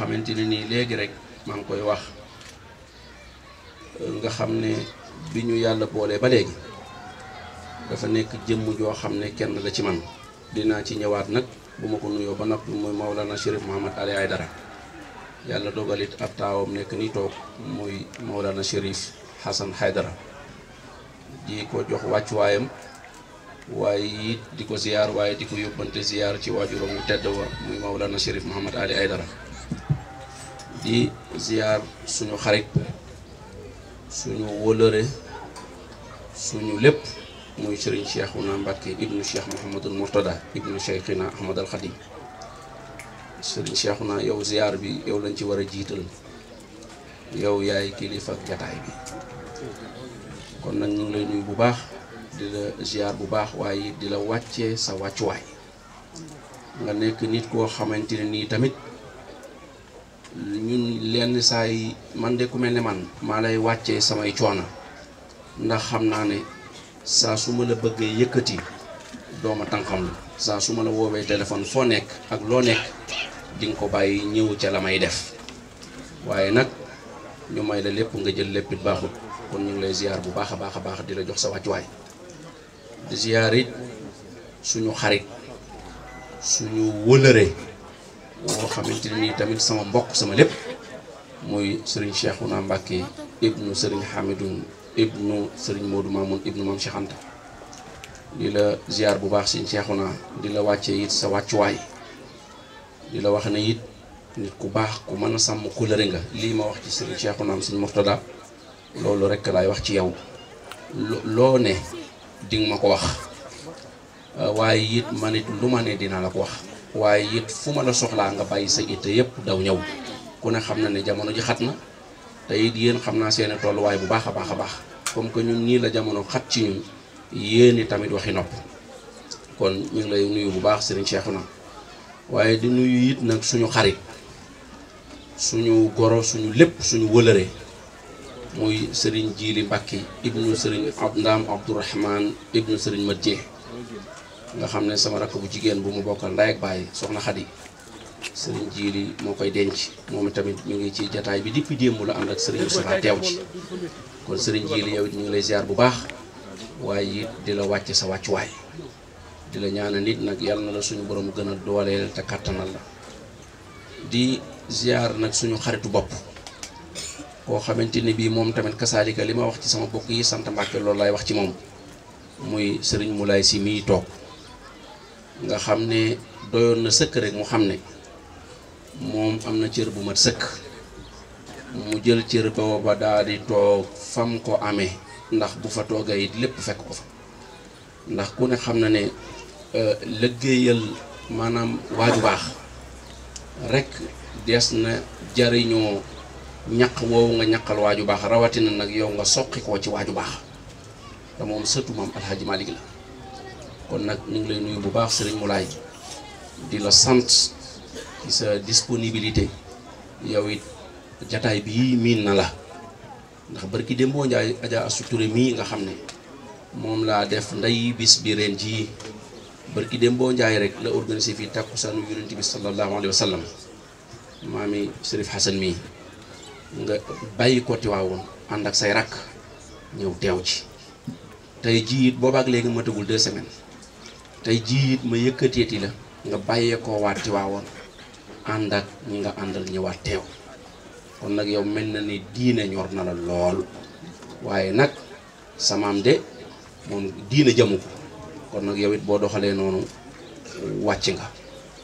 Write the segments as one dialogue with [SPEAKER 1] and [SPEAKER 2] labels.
[SPEAKER 1] xamante ne nii léegi rek maa ngi koy wax nga xam ne bi ñu yàlla boolee ba léegi dafa nekk jëmm joo xam ne kenn la ci man dinaa ci ñëwaat nag bu ma ko nuyoo ba noppi mooy Maulana Chérif Mouhamad Ali Aydara yàlla dogalit ab taawam nekk ni toog muy Maulana Chérif Hassan Haydara di ko jox wàccuwaayam waaye it di ko ziyaar waaye di ko yóbbante ziyaar ci waajuram mu tedd wa muy Maulana Chérif Mouhamad Ali Aydara di ziar suñu xarit suñu wóllëre suñu lépp muy sëriñ Cheikhouna Mbacke ibnu Cheikh Mouhamadul Mourtada ibnu Cheikhina Ahmad al Khadim sëriñ Cheikhouna yow ziar bi yow lañ ci war a jiital yow yaay kilifa ak jataay bi kon nag ñu ngi lay bu baax di la ziar bu baax waaye di la wàccee sa wàccuwaay nga nekk nit koo xamante nii tamit. ñun lenn saa yi man de ku mel ne man maa lay wàcce samay coono ndax xam naa ne saa su ma la bëggee yëkkati dooma tànqam la saa su ma la woowee téléphone foo nekk ak loo nekk di ko bàyyi ñëw ca la may def waaye nag ñu may la lépp nga jël lépp it baaxut kon ñu ngi lay ziar bu baax a baax a baax di la jox sa wàccuwaay di ziar it suñu xarit suñu wëlëre moo xamante tamit sama mbokk sama lépp muy sëriñ Cheikhouna Mbacke ibnu sëriñ Hamidoun ibnu sëriñ Modou Mamoun ibnu Mame Cheikh Anta di la ziar bu baax sëriñ Cheikhouna di la wàccee it sa wàccuwaay di la wax ne it nit ku baax ku mën a sàmm kóllëre nga lii ma wax ci sëriñ Cheikhouna am sëriñ Mourtada loolu rek lay wax ci yow loo ne dinga ma ko wax waaye it ma it lu ma ne dinaa la ko wax waaye it fu ma la soxlaa nga bàyyi sa itte yëpp daw ñëw ku ne xam na ne jamono ji xat na te it yéen xam naa seeni tolluwaay bu baax a baax a baax comme que ñun nii la jamono xat ci ñun yéeni tamit waxi nopp kon ñu ngi lay nuyu bu baax Serigne Cheikhouna waaye di nuyu it nag suñu xarit suñu goro suñu lépp suñu wëlëre muy Serigne Jili Mbacke ibnu Serigne Abdam Abdourahman ibnu Serigne Madje nga xam ne sama rakk bu jigéen bu mu bokkal ndey ak bàyyi soxna Xadi sëriñ Jiili moo koy denc moom tamit ñu ngi ci jataay bi depuis démb la ànd ak sëriñ Moustapha teew sëriñ Jiili yow ñu ngi lay ziar bu baax waaye it di la wàcce sa wàccuwaay di la ñaanal nit nag yàlla na la suñu borom gën a dooleel te kàttanal la di ziar nag suñu xaritu bopp koo xamante ni bii moom tamit kasaalika li ma wax ci sama bokk yi sant Mbàkke loolu laay wax ci moom muy sëriñ Moulay si mii toog nga xam ne doyoon na sëkk rek mu xam ne moom am na cër bu mat sëkk mu jël cër booba daal di toog fam ko amee ndax bu fa toogee it lépp fekk ko fa ndax ku ne xam na ne euh, liggéeyal maanaam waaju baax rek des na jariñoo ñaq woowu nga ñaqal waaju baax rawatina nag yow nga soqi koo ci waaju baax te moom sëtu moom alxaaji Malik la kon nak ñu ngi lay nuyu bu baax Serigne Moulay di la sante ci sa disponibilité yow it jotaay Nah min na la ndax barki dembo ndjay Adja mi nga mom la def ndey bis bi ren ji barki dembo ndjay rek la organisé fii tàkkusaanu yonent bi sallallahu Alaihi Wasallam, mami Serif hasan mi nga bàyyi ko Tiwaawoon ànd ak say rak ñew tew ci tay ji bobak legi matagul 2 semaines tey jii it ma yëkkateeti la nga bàyyeekoo waat ci waawoon ànd ak ñi nga àndal ñëwaat teew kon nag yow mel na ni diine ñor na la lool waaye nag samaam de moom diine jamu ko kon nag yow it boo doxalee noonu wàcc nga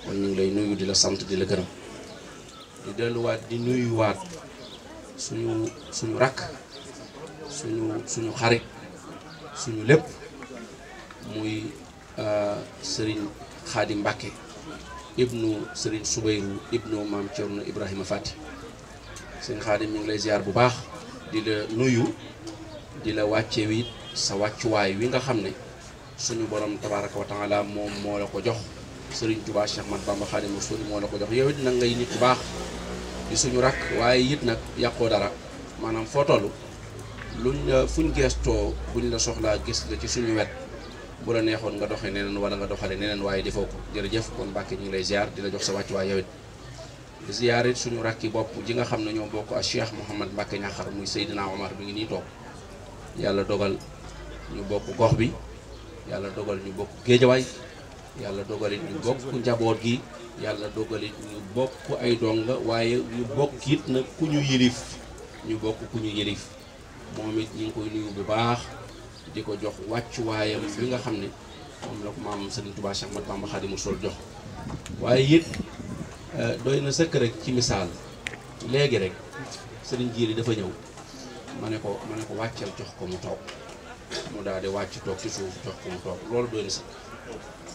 [SPEAKER 1] kon ñu ngi lay nuyu di la sant di la gërëm di delluwaat di nuyuwaat suñu suñu rakk suñu suñu xarit suñu lépp muy. Euh, sëriñ xaadi Mbàkke ibnu sëriñ Subayru ibnu maam Cerno Ibrahima Fati sëriñ xaadi mi ngi lay ziar bu baax di la nuyu di la wàcce wi sa wàccuwaay wi nga xam ne suñu borom tabaraka wa taala moom moo la ko jox sëriñ Tuubaa Cheikh Mat Bamba Xaadimu Rasuul moo la ko jox yow it nag ngay nit bu baax di suñu rakk waaye it nag yàqoo dara maanaam foo toll luñ la fuñ geestoo buñ la soxlaa gis nga ci suñu wet bu la neexoon nga doxee neneen wala nga doxale neneen waaye defoo ko jërëjëf kon Mbàkke ñu ngi lay ziar di la jox sa wàccuwaay yow it ziar it suñu rakki bopp ji nga xam ne ñoo bokk ak Cheikh Mouhamad Mbàkke Ñaxar muy Seydina Omar bi ngi nii toog yàlla dogal ñu bokk gox bi yàlla dogal ñu bokk géejawaay yàlla dogalit ñu bokk njaboot gi yàlla dogalit ñu bokk ay donga waaye ñu bokk it nag ku ñu yilif ñu bokk ku ñu yilif moom it ñu ngi koy nuyu bu baax di ko jox wàccuwaayam bi nga xam ne moom la ko maam Serigne Touba Cheikh mu Bamba Khadimou Rassoul jox waaye it euh, doy na sëkk rek ci misaal léegi rek Serigne yi dafa ñëw ma ne ko ma ne ko wàccal jox ko mu toog mu daal di wàcc toog ci suuf jox ko mu toog loolu doy na sëkk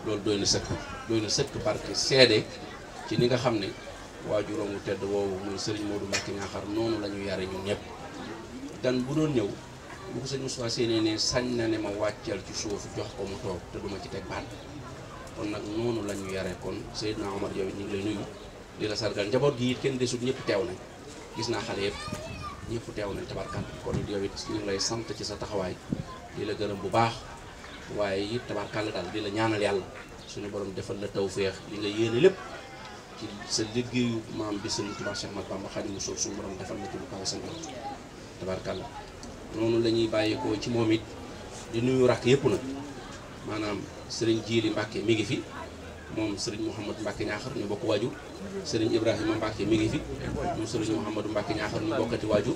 [SPEAKER 1] loolu doy na sëkk doy na sëkk barke seede ci ni nga xam ne waajuróom wu tedd woowu muy Serigne Modou Mbacke Niakhar noonu la ñu yare ñun ñëpp gan bu doon ñëw. bu ko sëñ Moustapha Séné ne sañ na ne ma wàccal ci suuf jox ko mu toog te duma ci teg baat kon nag noonu la ñu yare kon Seydina Omar yow ñu ngi lay nuyu di la sargal njaboot gi it kenn desut ñëpp teew nañ gis naa xale yëpp ñëpp teew nañ tabarkal kon it yow it ñu lay sant ci sa taxawaay di la gërëm bu baax waaye it tabarkal daal di la ñaanal yàlla suñu borom defal la feex li nga yéene lépp ci sa liggéeyu maam bi sëñ Tuubaa Cheikh Ahmadou Bamba Xaadimu Rasuul suñu borom defal la ci lu kaw sa noonu la ñuy bàyyeekoo ci moom it di nuyu rakk yëpp nag maanaam sëriñ Jiili Mbàkke mi ngi fi moom sëriñ Mouhamadou Mbàkke ñaaxar ñu bokk waajur sëriñ Ibrahima Mbàkke mi ngi fi moom sëriñ Mouhamadou Mbàkke ñaaxar ñu bokkati waajur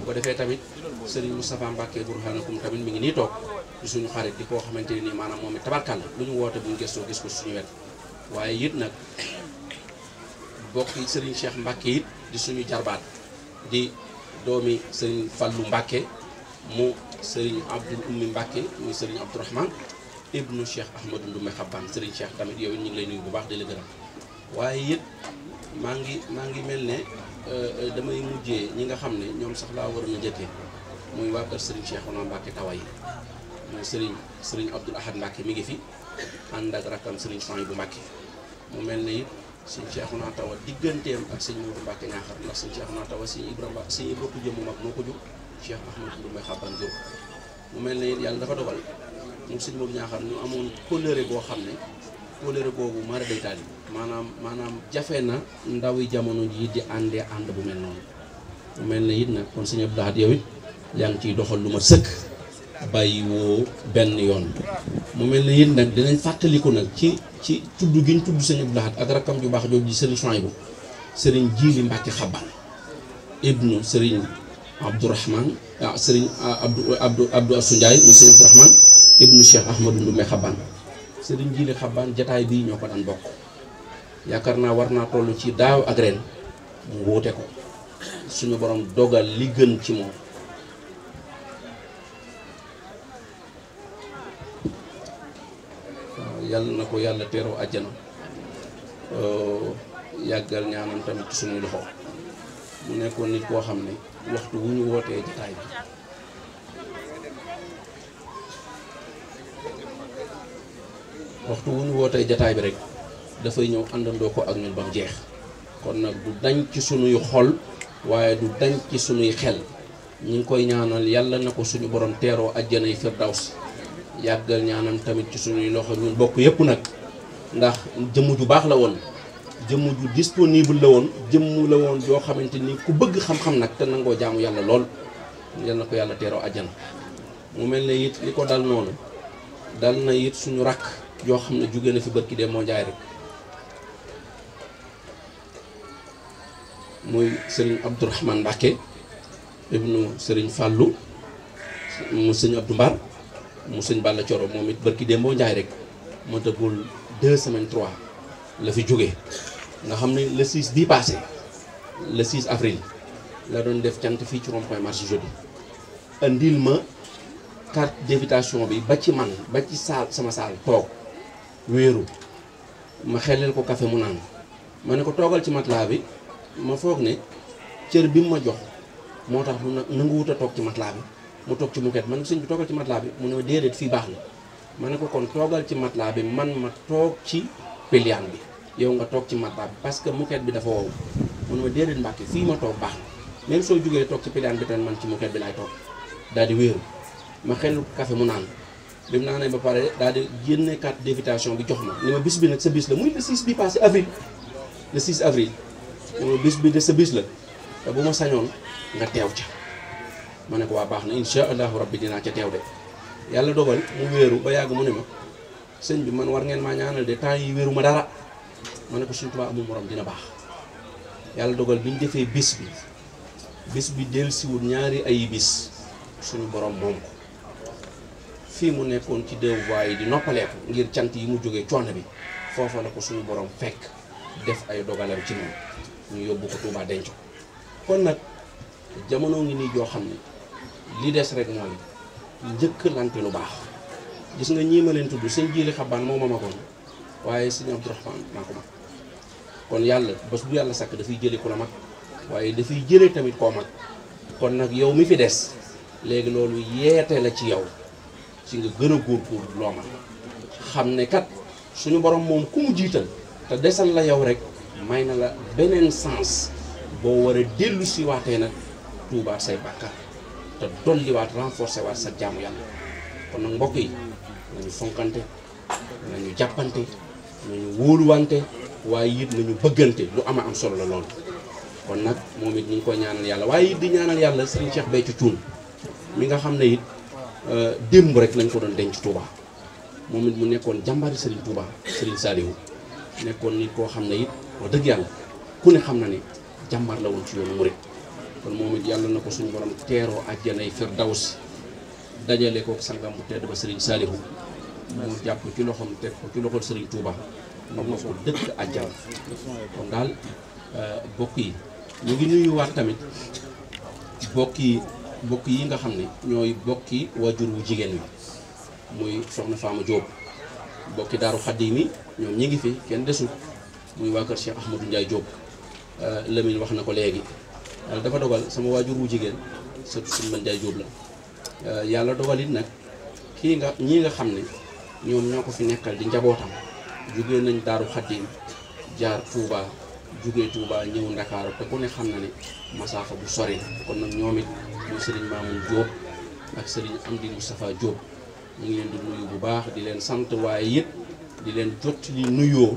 [SPEAKER 1] bu ko defee tamit sëriñ Moustapha Mbàkke burhanakum tamit mi ngi nii toog di suñu xarit di koo xamante ne nii maanaam moom it tabarkal la lu ñu woote buñu gëstoo gis ko suñu wet waaye it nag bokk sëriñ Cheikh Mbàkke it di suñu jarbaat di doomi sëriñ Fallu Mbàkke mu Serigne abdou oumi Mbake, sering Serigne Rahman, ibnu Cheikh Ahmadou Ndoumé Xabbaan Serigne Cheikh tamit yow ñu ngi lay nuyu bu baax di la gërëm waye yit maa ngi maa ngi mel ne euh, damay mujjé ñi nga xamné ñom sax la wara ñu muy wa Serigne Cheikh taway Serigne Serigne abdou Ahad Mbake, mi ngi fi and ak rakam Serigne sangi bu Mbacké mu melne yit Sin sëñ Cheikhouna Tawa digganteem ak sëñ Modou Mbacké Ñaaxar ndax sëñ Cheikhouna Tawa sëñ Ibrahima sëñ Ibrahima jëmm Cheikh Ahmad Ndour may mu mel ne yàlla dafa dogal moom sëñ Modou Ñaaxar ñu amoon kóllëre boo xam ne kóllëre boobu mara day taal maanaam maanaam jafe na ndawi jamono ji di àndee ànd bu mel noonu mu mel ne it nag kon sëñ yow it ngi ciy doxal lu ma sëkk bàyyi benn yoon mu mel ne it nag dinañ fàttaliku nag ci ci tudd gi ñu tudd sëñ Abdou Lahad ak rakkam ju baax jooju di sëriñ Sohaybu sëriñ Jiili Mbàkke xaban ibnu sëriñ Abdourahman ah sëriñ ah, Abdou Abdou Abdou Assou Ndiaye mu sëriñ Abdourahman ibnu Cheikh Ahmadou Ndoumé Xabaan sëriñ Jili Xabaan jataay bii ñoo ko daan bokk yaakaar naa war naa toll ci daaw ak ren mu wóote ko suñu borom dogal li gën ci moom ah, na ko yàlla teeroo àjjana oh, yàggal ñaanam tamit suñu loxo mu nekkoon nit koo xam ne waxtu wu ñu wootee jataay bi waxtu wu ñu wootee jotaay bi rek dafay ñëw àndandoo ko ak ñun ba jeex kon nag du dañ ci sunuy xol waaye du dañ ci suñuy xel ñu ngi koy ñaanal yàlla na ko suñu borom teeroo ajjanay firdaws yàggal ñaanam tamit ci sunuy loxo ñun bokk yépp nag ndax jëmm ju baax la woon jëmm ju disponible la woon jëmm la woon joo xamante ni ku bëgg xam-xam nag te nangoo jaamu yàlla lool yal na ko yàlla teeroo àjjana mu mel ne it li ko dal noonu dal na yit suñu rakk joo xam ne jóge na fi bërki dee moo jaay rek muy sëriñ Abdourahman Mbacke ibnu sëriñ Fàllu mu sëñ Abdou Mbar mu sëñ Balla Coro moom it bërki dee moo njaay rek moo tëggul deux semaine trois la fi jóge nga xam ne le 6 bii passé le 6 avril la doon def cant fii ci rond point marché jeudi ma carte d'invitation bi ba ci man ba ci saal sama saal toog wéeru ma xelal ko café mu naan ma ne ko toogal ci matelas bi ma foog ne cër bi mu ma jox moo tax mu nangu wut a toog ci matelas bi mu toog ci moquette man sëñ bi toogal ci matelas bi mu ne déedéet fii baax na ma ne ko kon toogal ci matelas bi man ma toog ci piliaan bi yow nga toog ci matba bi parce que moquette bi dafa wow mun ma déedéet mbàkke fii ma toog baax na même soo jógee toog ci pédaan bi tamit man ci moquette bi laay toog daal wéeru ma xellu café mu naan bi mu naanee ba pare daal di génne carte d'invitation bi jox ma ni ma bi nag sa bis la muy le 6 bi passé avril le 6 avril ni bis bi de sa bis la te bu ma sañoon nga teew ca ma ne ko waa baax na incha allahu rabbi dinaa ca teew de yàlla dogal mu wéeru ba yàgg mu ne ma sëñ bi man war ngeen maa ñaanal de temps yi wéeru ma dara ma ne ko suñu Tuubaa amul morom dina baax yàlla dogal bi ñu defee bis bi bis bi dellusiwul ñaari ay bis suñu borom moom ko fii mu nekkoon ci deux voies yi di noppaleeku ngir cant yi mu jógee coono bi foofa la ko suñu boroom fekk def ay dogalam ci moom ñu yóbbu ko Tuubaa denc ko kon nag jamono ngi nii joo xam ne li des rek mooy njëkkalante lu baax gis nga ñii ma leen tudd sëñ Jili Xabaan moo ma magoon waaye sëñ Abdourahman maa ko mag kon yàlla bés bu yàlla sàkk dafay jëlee ku la mag waaye dafay jëlee tamit koo mag kon nag yow mi fi des léegi loolu yeete la ci yow ci nga gën a góorgóorlu loo man xam ne kat suñu borom moom ku mu jiital te desal la yow rek may na la beneen sens boo war a dellu si waatee nag tuubaat say bàkkaar te dolliwaat renforcer waat sa jaamu yàlla kon nag mbokk nañu fonkante nañu jàppante nañu wóoluwante waaye it nañu bëggante lu ama am solo la lool kon nag moom it ñu ngi ko ñaanal yàlla waaye it di ñaanal yàlla sëriñ Cheikh Béthio Thioune mi nga xam ne it euh, démb rek lañ ko doon denc Touba moom it mu nekkoon jàmbaari Serigne Touba Serigne Saliou nekkoon nit koo xam ne it wax dëgg yàlla ku ne xam na ne jàmbaar la ci yoonu murit kon moom it na ko suñu borom teeroo àjjanay Firdaws dajale ko sangam bu tedd ba Serigne Saliou mu jàpp ci loxoom teg ko ci loxol Serigne Touba. moom ko dëkk àjjana kon daal euh, bokk yi ñu ngi nuyuwaat tamit bokk yi bokk yi nga xam ne ñooy bokki waajur wu jigéen wi muy soxna Fama Diop bokki daaru Xaddim mi ñoom ñi ngi fi kenn desul muy waa kër Cheikh Ahmadou Ndiaye euh, wax na ko léegi dafa dogal waajur wu jigéen sët suñ euh, yàlla dogal nag kii nga ñii nga xam ne ñoom ñoo ko fi nekkal di njabootam jugee nañ Daaru Xaddiim jaar Touba jóge Touba ñëw Ndakaaru te ku ne xam na ne masaafa bu sore kon nag ñoom it muy Serigne Mamoun Diop ak Serigne Amdi Moustapha Diop ñu ngi leen di nuyu bu baax di leen sant waaye yëpp di leen jot li nuyoo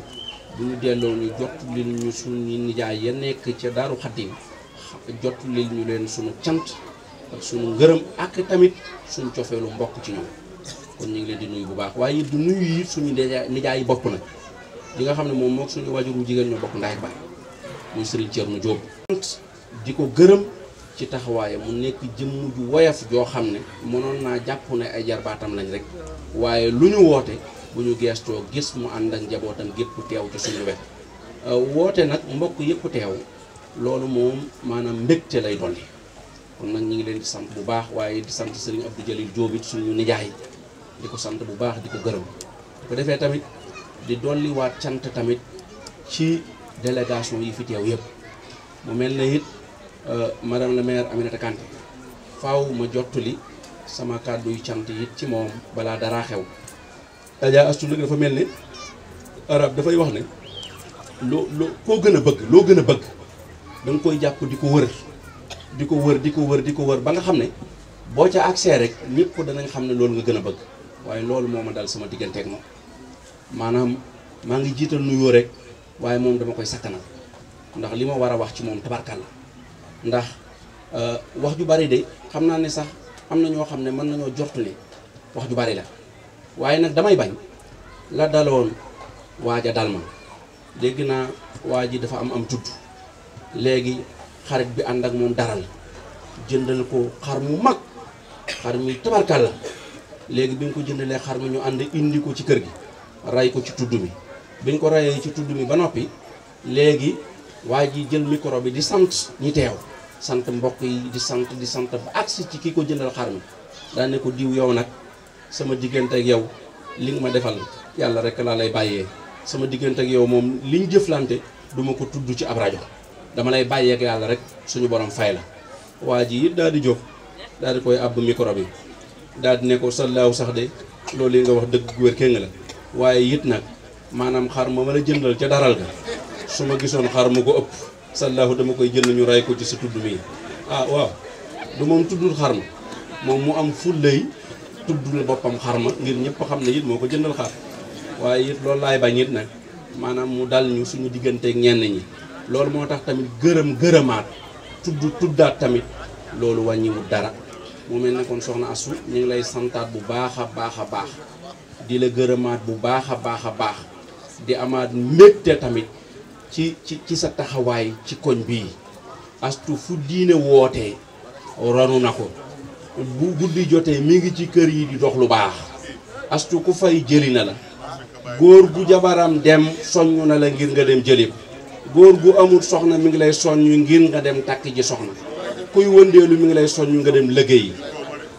[SPEAKER 1] bu ñu delloo ñu jot li ñu suñu nijaay ya nekk ca Daaru Xaddiim jot li ñu leen suñu cant ak suñu ngërëm ak tamit suñu cofeelu mbokk ci ñoom. kon ñu ngi leen di nuyu bu baax waaye it nuyu it suñu nijaay yi bokk na li nga xam ne moom moog suñu wajuru jigéen ñoo bokk ndaay ak baay muy Serigne Thierno Diop. di ko gërëm ci taxawaayam mu nekk jëmm ju woyof joo xam ne mënoon naa jàpp ne ay jarbaatam lañ rek waaye lu ñu woote bu ñu geestoo gis mu ànd ak njabootam gépp teew ci suñu wet euh, woote nag mbokk yëpp teew loolu moom maanaam mbégte lay dolli kon nag ñu ngi leen di sant bu baax waaye di sant Serigne Abdou Jalil Diop it suñu nijaay. di ko sant bu baax di ko gërëm bu defee tamit di dolliwaat cant tamit ci délégation yi fi teew yëpp mu mel na it euh, madame la maire Aminata Kanté faaw ma jottali sama kàddu yu cant it ci moom balaa daraa xew Adja Astou nag dafa mel ne arab dafay wax ne loo loo koo gën a bëgg loo gën a bëgg da koy jàpp di ko wër di ko wër di ko wër di ko wër ba nga xam ne boo ca accès rek ñëpp ko danañ xam ne loolu nga gën a bëgg waaye loolu moo ma dal sama digganteeg moom maanaam maa ngi jiital nuyoo rek waaye moom dama koy sakkanal ndax li ma war a wax ci moom tabarkal la ndax euh, wax ju bari de xam naa ne sax am na ñoo xam ne mën nañoo jortu ne wax ju bari la waaye nag damay bañ la daloon waaj a dal ma dégg naa waa ji dafa am am tudd léegi xarit bi ànd ak moom daral jëndal ko xar mu mag xar mi tabarkal la légui bi nga ko jëndalee xar mi ñu and indi ko ci kër gi ray ko ci tuddu mi bi ñu ko rayé ci tuddu mi ba nopi légui waji jël micro bi di sant ñi téw sant mbokk yi di sant di sant ba agsi ci kiko jëndal xar mi da ne ko diw yow nak sama digënté ak yow li nga ma défal yalla rek la lay bayé sama digënté ak yow moom liñ jëflanté duma ko tuddu ci ab radio dama lay ak yalla rek suñu borom fay la waji yi daal di jox daal di koy ab micro bi daal di ne ko sallaaw sax de loolu yi nga wax dëgg gu wér keng la waaye it nag maanaam xar ma mën a jëndal ca daral ga su ma gisoon xar ma ko ëpp sallaahu dama koy jënd ñu ray ko ci sa tudd mi ah waaw du moom tuddul xar ma moom mu am fullay tuddul boppam xar ma ngir ñëpp xam ne it moo ko jëndal xar waaye it loolu laay bañ it nag maanaam mu dal ñu suñu digganteeg ñenn ñi loolu moo tax tamit gërëm gërëmaat tudd tuddaat tamit loolu wàññiwul dara mu na ne kon soxna Astou mu ngi lay santaat bu baax a baax a baax di la gërëmaat bu baax a baax a baax di amaat mbégte tamit ci ci ci sa taxawaay ci koñ bii Astou fu diine wootee ronu na ko bu guddi jotee mi ngi ci kër yi di dox lu baax Astou ku fay jëli na la góor bu jabaram dem soññ na la ngir nga dem jëli ko góor gu amul soxna mi ngi lay soññ ngir nga dem takk ji soxna kuy wëndeelu mu ngi lay soññ nga dem liggéey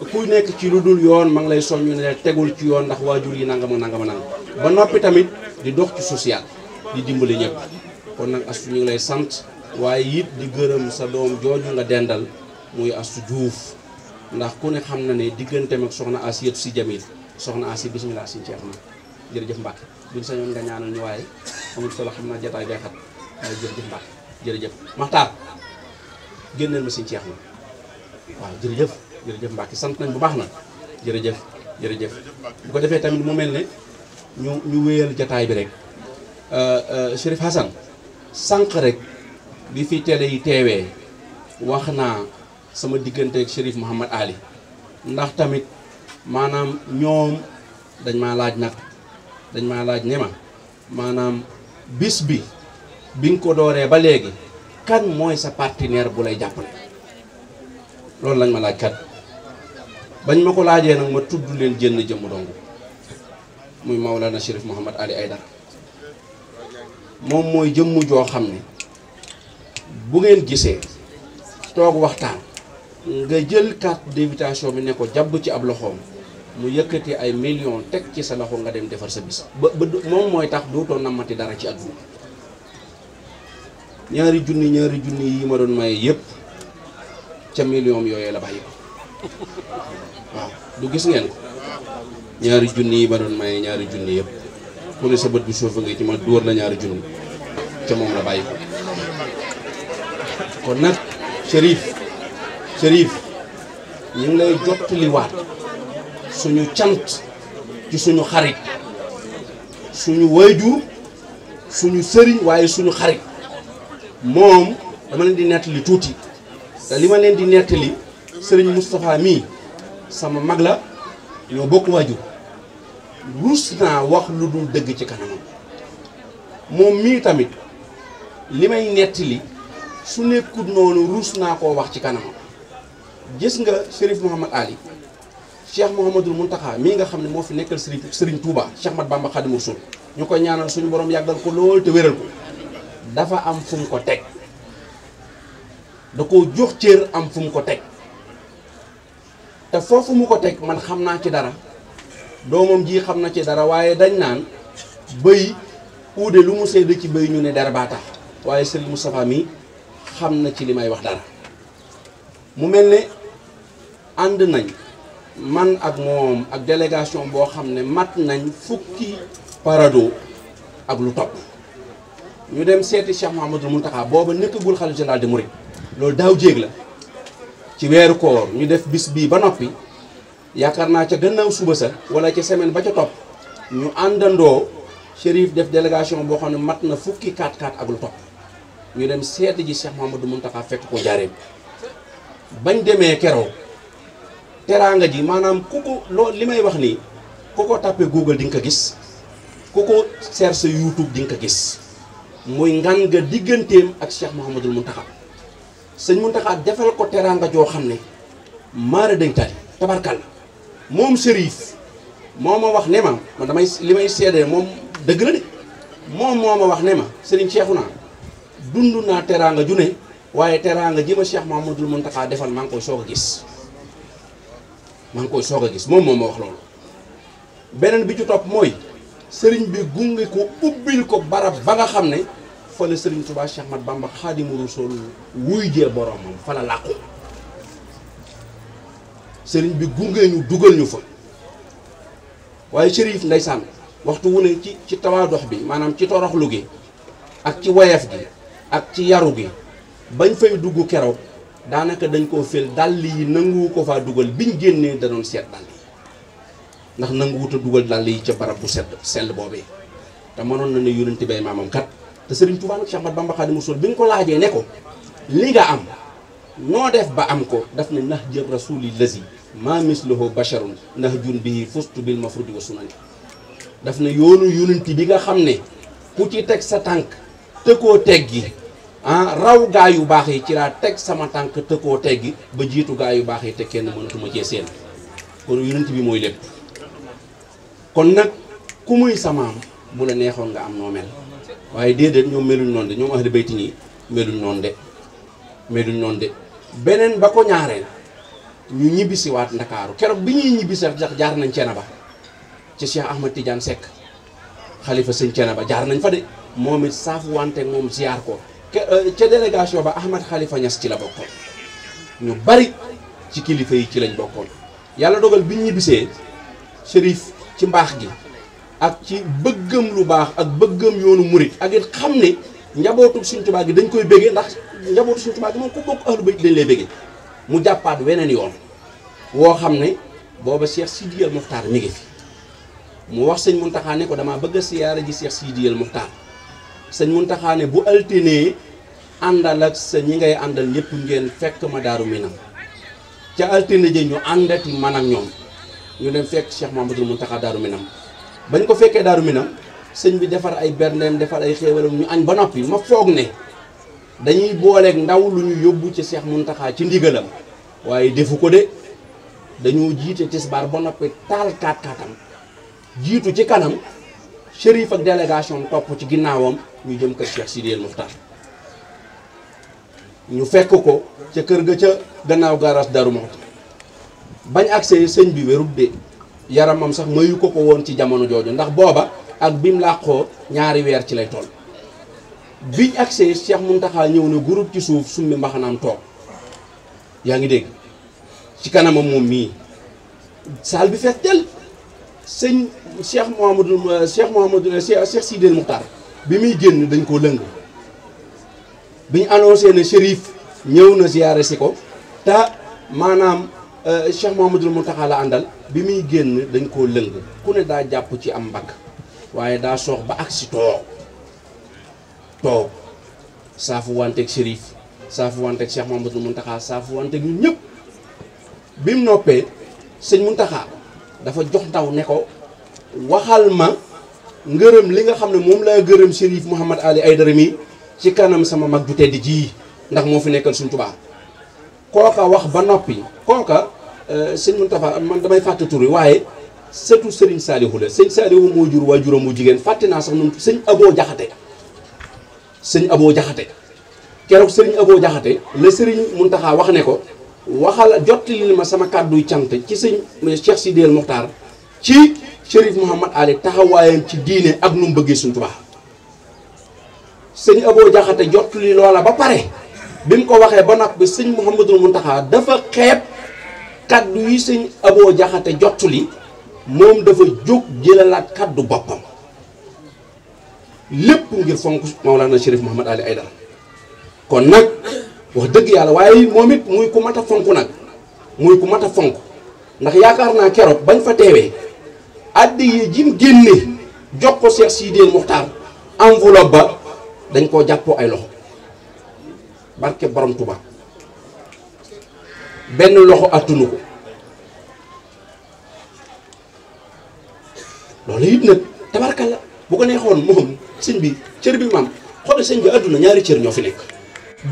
[SPEAKER 1] kuy nekk ci lu dul yoon ma ngi lay soññ ne tegul ci yoon ndax waajur yi nangam ak nangam nangam ba noppi tamit di dox ci social di dimbali ñëpp kon nag astu ñu ngi lay sant waaye it di gërëm sa doom jooju nga dendal muy astu juuf ndax ku ne xam na ne digganteem ak soxna as yëpp si jamil soxna as yi bisimilah si ceex na jërëjëf Mbacke buñ sañoon nga ñaanal ñu waaye amul solo xam naa jotaay bee xat waaye jërëjëf Mbacke jërëjëf génneel ma suñu ceex na waaw jërëjëf jërëjëf Mbacke sant nañ bu baax na jërëjëf jërëjëf bu ko defee tamit mu mel ni ñu ñu wéyal jataay bi rek euh, euh, Chérif Hassan sànq rek bi fi télé yi teewee wax naa sama diggante ak Chérif Mouhamad Ali ndax tamit maanaam ñoom dañ maa laaj nag dañ maa laaj ne ma maanaam bis bi bi nga ko dooree ba léegi kan mooy sa partenaire bu lay jàppale loolu lañ ma laaj kat bañ ma ko laajee nag ma tudd leen jënn jëmm dong muy Maulana Chérif Mouhamad Ali Aydara moom mooy jëmm joo xam ne bu ngeen gisee toog waxtaan nga jël carte d'invitation bi ne ko jàbb ci ab loxoom mu yëkkati ay millions teg ci sa loxo nga dem defar sa bis ba ba moom mooy tax du dootoo namati dara ci àdduna ñaari junni ñaari junni yi ma doon maye yëpp ca million yooyee la bàyyi ko waaw du gis ngeen ko ñaari junni yi ma doon maye ñaari junni yëpp sa bët bu suufa nga ci ma ñaari junni ca moom la kon nag Chérif sëriif ñu ngi lay jottaliwaat suñu cant ci suñu xarit suñu wayjur suñu sëriñ waaye suñu xarit moom dama leen di nettali tuuti te li ma leen di nettali sëriñ Moustapha mii sama mag la ñoo bokk waajur ruus naa wax lu dul dëgg ci kanamam moom mii tamit li may nettali su nekkut noonu ruus naa koo wax ci kanamam gis nga Chérif Mouhamad Ali Cheikh Mouhamadul Mountakha mii nga xam ne moo fi nekkal Serigne sëriñ Touba Cheikh Mat Bamba mu Rassoul ñu ko ñaanal suñu borom yàggal ko lool te wéral ko dafa am fu mu ko teg da ko jox cër am fu mu ko teg te foofu mu ko teg man xam naa ci dara doomam jii xam na ci dara waaye dañ naan bëy uude lu mu seede ci bëy ñu ne dara baa tax waaye Serigne Moustapha mi xam na ci li may wax dara mu mel ne ànd nañ man ak moom ak délégation boo xam ne mat nañ fukki parado ak lu topp ñu dem seeti Cheikh Mouhamadul Mountakha booba nekkagul xalifa général de Mouride loolu daaw jéeg la ci weeru koor ñu def bis bii ba noppi yaakaar naa ca gannaaw suba sa wala ca semaine ba ca topp ñu àndandoo Chérif def délégation boo xam ne mat na fukki 4-4 ak lu topp ñu dem seeti ji Cheikh Mouhamadul Mountakha fekk ko jaareem bañ demee keroo teraanga ji maanaam ku ko loo li may wax nii ku ko tàppee Google di nga ko gis ku ko search YouTube di nga ko gis. moy ngan ga digganteem ak cheikh mouhamadul muntaxa seigne muntaxa defal ko teranga jo xamne mara deñ tali tabarkal mom serif moma wax nema ma man damay limay sédé mom deug la de mom moma wax nema ma cheikhuna mangko teranga dund naa teraanga ju ne waaye teraanga ji cheikh mouhamadul muntaxa defal mang ko soga gis mang ko soga gis mom moma wax benen bi ci top moy serigne bi gungé ko ubbil ko barab ba nga xamné fa la Serigne Touba Cheikh Ahmad Bamba Xaadimu Rasuul wuy jee boromam fa la làqu sëriñ bi gungee ñu dugal ñu fa waaye Chérif ndeysaan waxtu wu ne ci ci tawaadox bi maanaam ci toroxlu gi ak ci woyef gi ak ci yaru gi bañ fay dugg keroog daanaka dañ koo fël dàll yi nanguwu ko faa dugal biñ génnee danoon seet dàll yi ndax nanguwuta dugal dàll yi ca barab bu sedd sell boobee te mënoon na ne yonent bay maamam kat te Serigne Touba nag Cheikh Ahmad Bamba Khadimu Rasul bi ñu ko laajee ne ko li nga am noo def ba am ko daf ne nax jël rasuli lazi ma misluhu basharun ndax jun bi fustu bil mafrudi wa sunani daf ne yoonu yonent bi nga xam ne ku ci teg sa tànk te koo teg gi ah raw gaa yu baax yi ci laa teg sama tànk te koo teggi ba jiitu gaa yu baax yi te kenn mënatuma cee seen kon yonent bi mooy lépp kon nag ku muy samaam bu la neexoon nga am noo mel waaye déedéet ñoom meluñ noonu de ñoom ahli bayti nii meluñ noonu de meluñ noonu de beneen ba ko ñaareel ñu ñibbisiwaat ndakaaru keroog bi ñuy ñibbisi sax jaar nañ Thiénaba ci Cheikh Ahmad Tidiane Seck xalifa sëñ ba jaar nañ fa de moom it saafu moom ziar ko euh, ca délégation ba Ahmad Khalifa Niass ci la bokkoon ñu bari ci kilifa yi ci lañ bokkoon yàlla dogal bi ñu ñibbisee Chérif ci mbaax gi ak ci bëggam lu baax ak bëggam yoonu murit ak it xam ne njabootu Sëriñ Tuubaa gi dañ koy béggee ndax njabootu Sëriñ Tuubaa gi moom ku bokk ahlu bayt dañ lay béggee mu jàppaat weneen yoon woo xam ne booba Cheikh Sidi El Mokhtar mi ngi fi mu wax sëñ Muntaxa ne ko dama bëgg a siyaara ji Cheikh Sidi El Mokhtar sëñ Muntaxa ne bu altine àndal ak sa ñi ngay àndal ñëpp ngeen fekk ma daaru minam ca altine ji ñu àndati man ak ñoom ñu dem fekk Cheikh Mamadou Muntaxa daaru minam bañ ko fekkee daaru minam sëñ bi defar ay berneem defar ay xéewalam ñu añ ba noppi ma foog ne dañuy booleek ndaw lu ñu yóbbu ci Seex taxaar ci ndigalam waaye defu ko de dañoo jiite tisbaar ba noppi taal kaat kaatam jiitu ci kanam shérif ak délégation topp ci ginnaawam ñu jëm ko Cheikh Sidi El Moukhtar ñu fekk ko ca kër ga ca gannaaw garas Daaru moo bañ agsee sëñ bi wérut de yaramam sax mayu ko ko woon ci jamono jooju ndax booba ak bi bim làqoo ñaari weer ci lay toll biñ agsee mu Muntaxa ñëw na groupe ci suuf summi mbaxanaam toog yaa ngi dégg ci kanamam moom mii saal bi fees tel sëñ Cheikh Mouhamadou Cheikh Mouhamadou Cheikh Sidel Moukhtar bi muy génn dañ koo lëng biñ annoncé ne shérif ñëw na ziyaare si ko te maanaam Euh, Cheikh Mouhamadoul Mountakha la àndal bi muy génn dañ koo lëng ku ne daa jàpp ci am mbagg waaye daa soox ba ak si toog toog saafu wanteeg Chérif saafu wanteeg Cheikh Mouhamadoul Mountakha saafu wanteeg ñun ñëpp bi mu noppee sëñ Mountakha dafa jox ndaw ne ko waxal ma ngërëm li nga xam ne moom laa gërëm Chérif Mouhamad Ali Aïdara mi ci kanam sama mag ju tedd jii ndax moo fi nekkal suñ Tuubaa kooka wax ba noppi kooka Euh, sëñ Moustapha man damay fàtte tur waaye setu Serigne Saliou la sëñ Saliou moo jur waajuram mu jigéen fàtte naa sax ñun sëñ Aboo Jaxate sëñ Aboo Jaxate keroog sëriñ Aboo Jaxate la mun Mountakha wax ne ko waxal jottali ma sama kàdduy cant ci sëñ Cheikh Sidi El Mokhtar ci Chérif Mouhamad Ali taxawaayam ci diine ak nu mu bëggee suñ tubaax sëñ Aboo Jaxate jottali loola ba pare bi mu ko waxee ba noppi sëñ Mouhamadul Mountakha dafa xeeb. kaddu yi seigne abo jaxate jotuli mom dafa juk jilalat kaddu bopam lepp ngir fonk maulana cheikh mohammed Ali aidar kon nak wax deug yalla waye momit muy ku mata fonk nak muy ku mata fonk ndax yakarna naa keroog bañ fa teewee addi yi jim jox ko Cheikh Sidil Muxtaar enveloppe ba dañ ko jappo ay loxo barke borom tuba benn loxo attunu ko loolu it nag tabarkalla bu ko neexoon moom sëñ bi cër bi maam xool sëñ bi àdduna ñaari cër ñoo fi nekk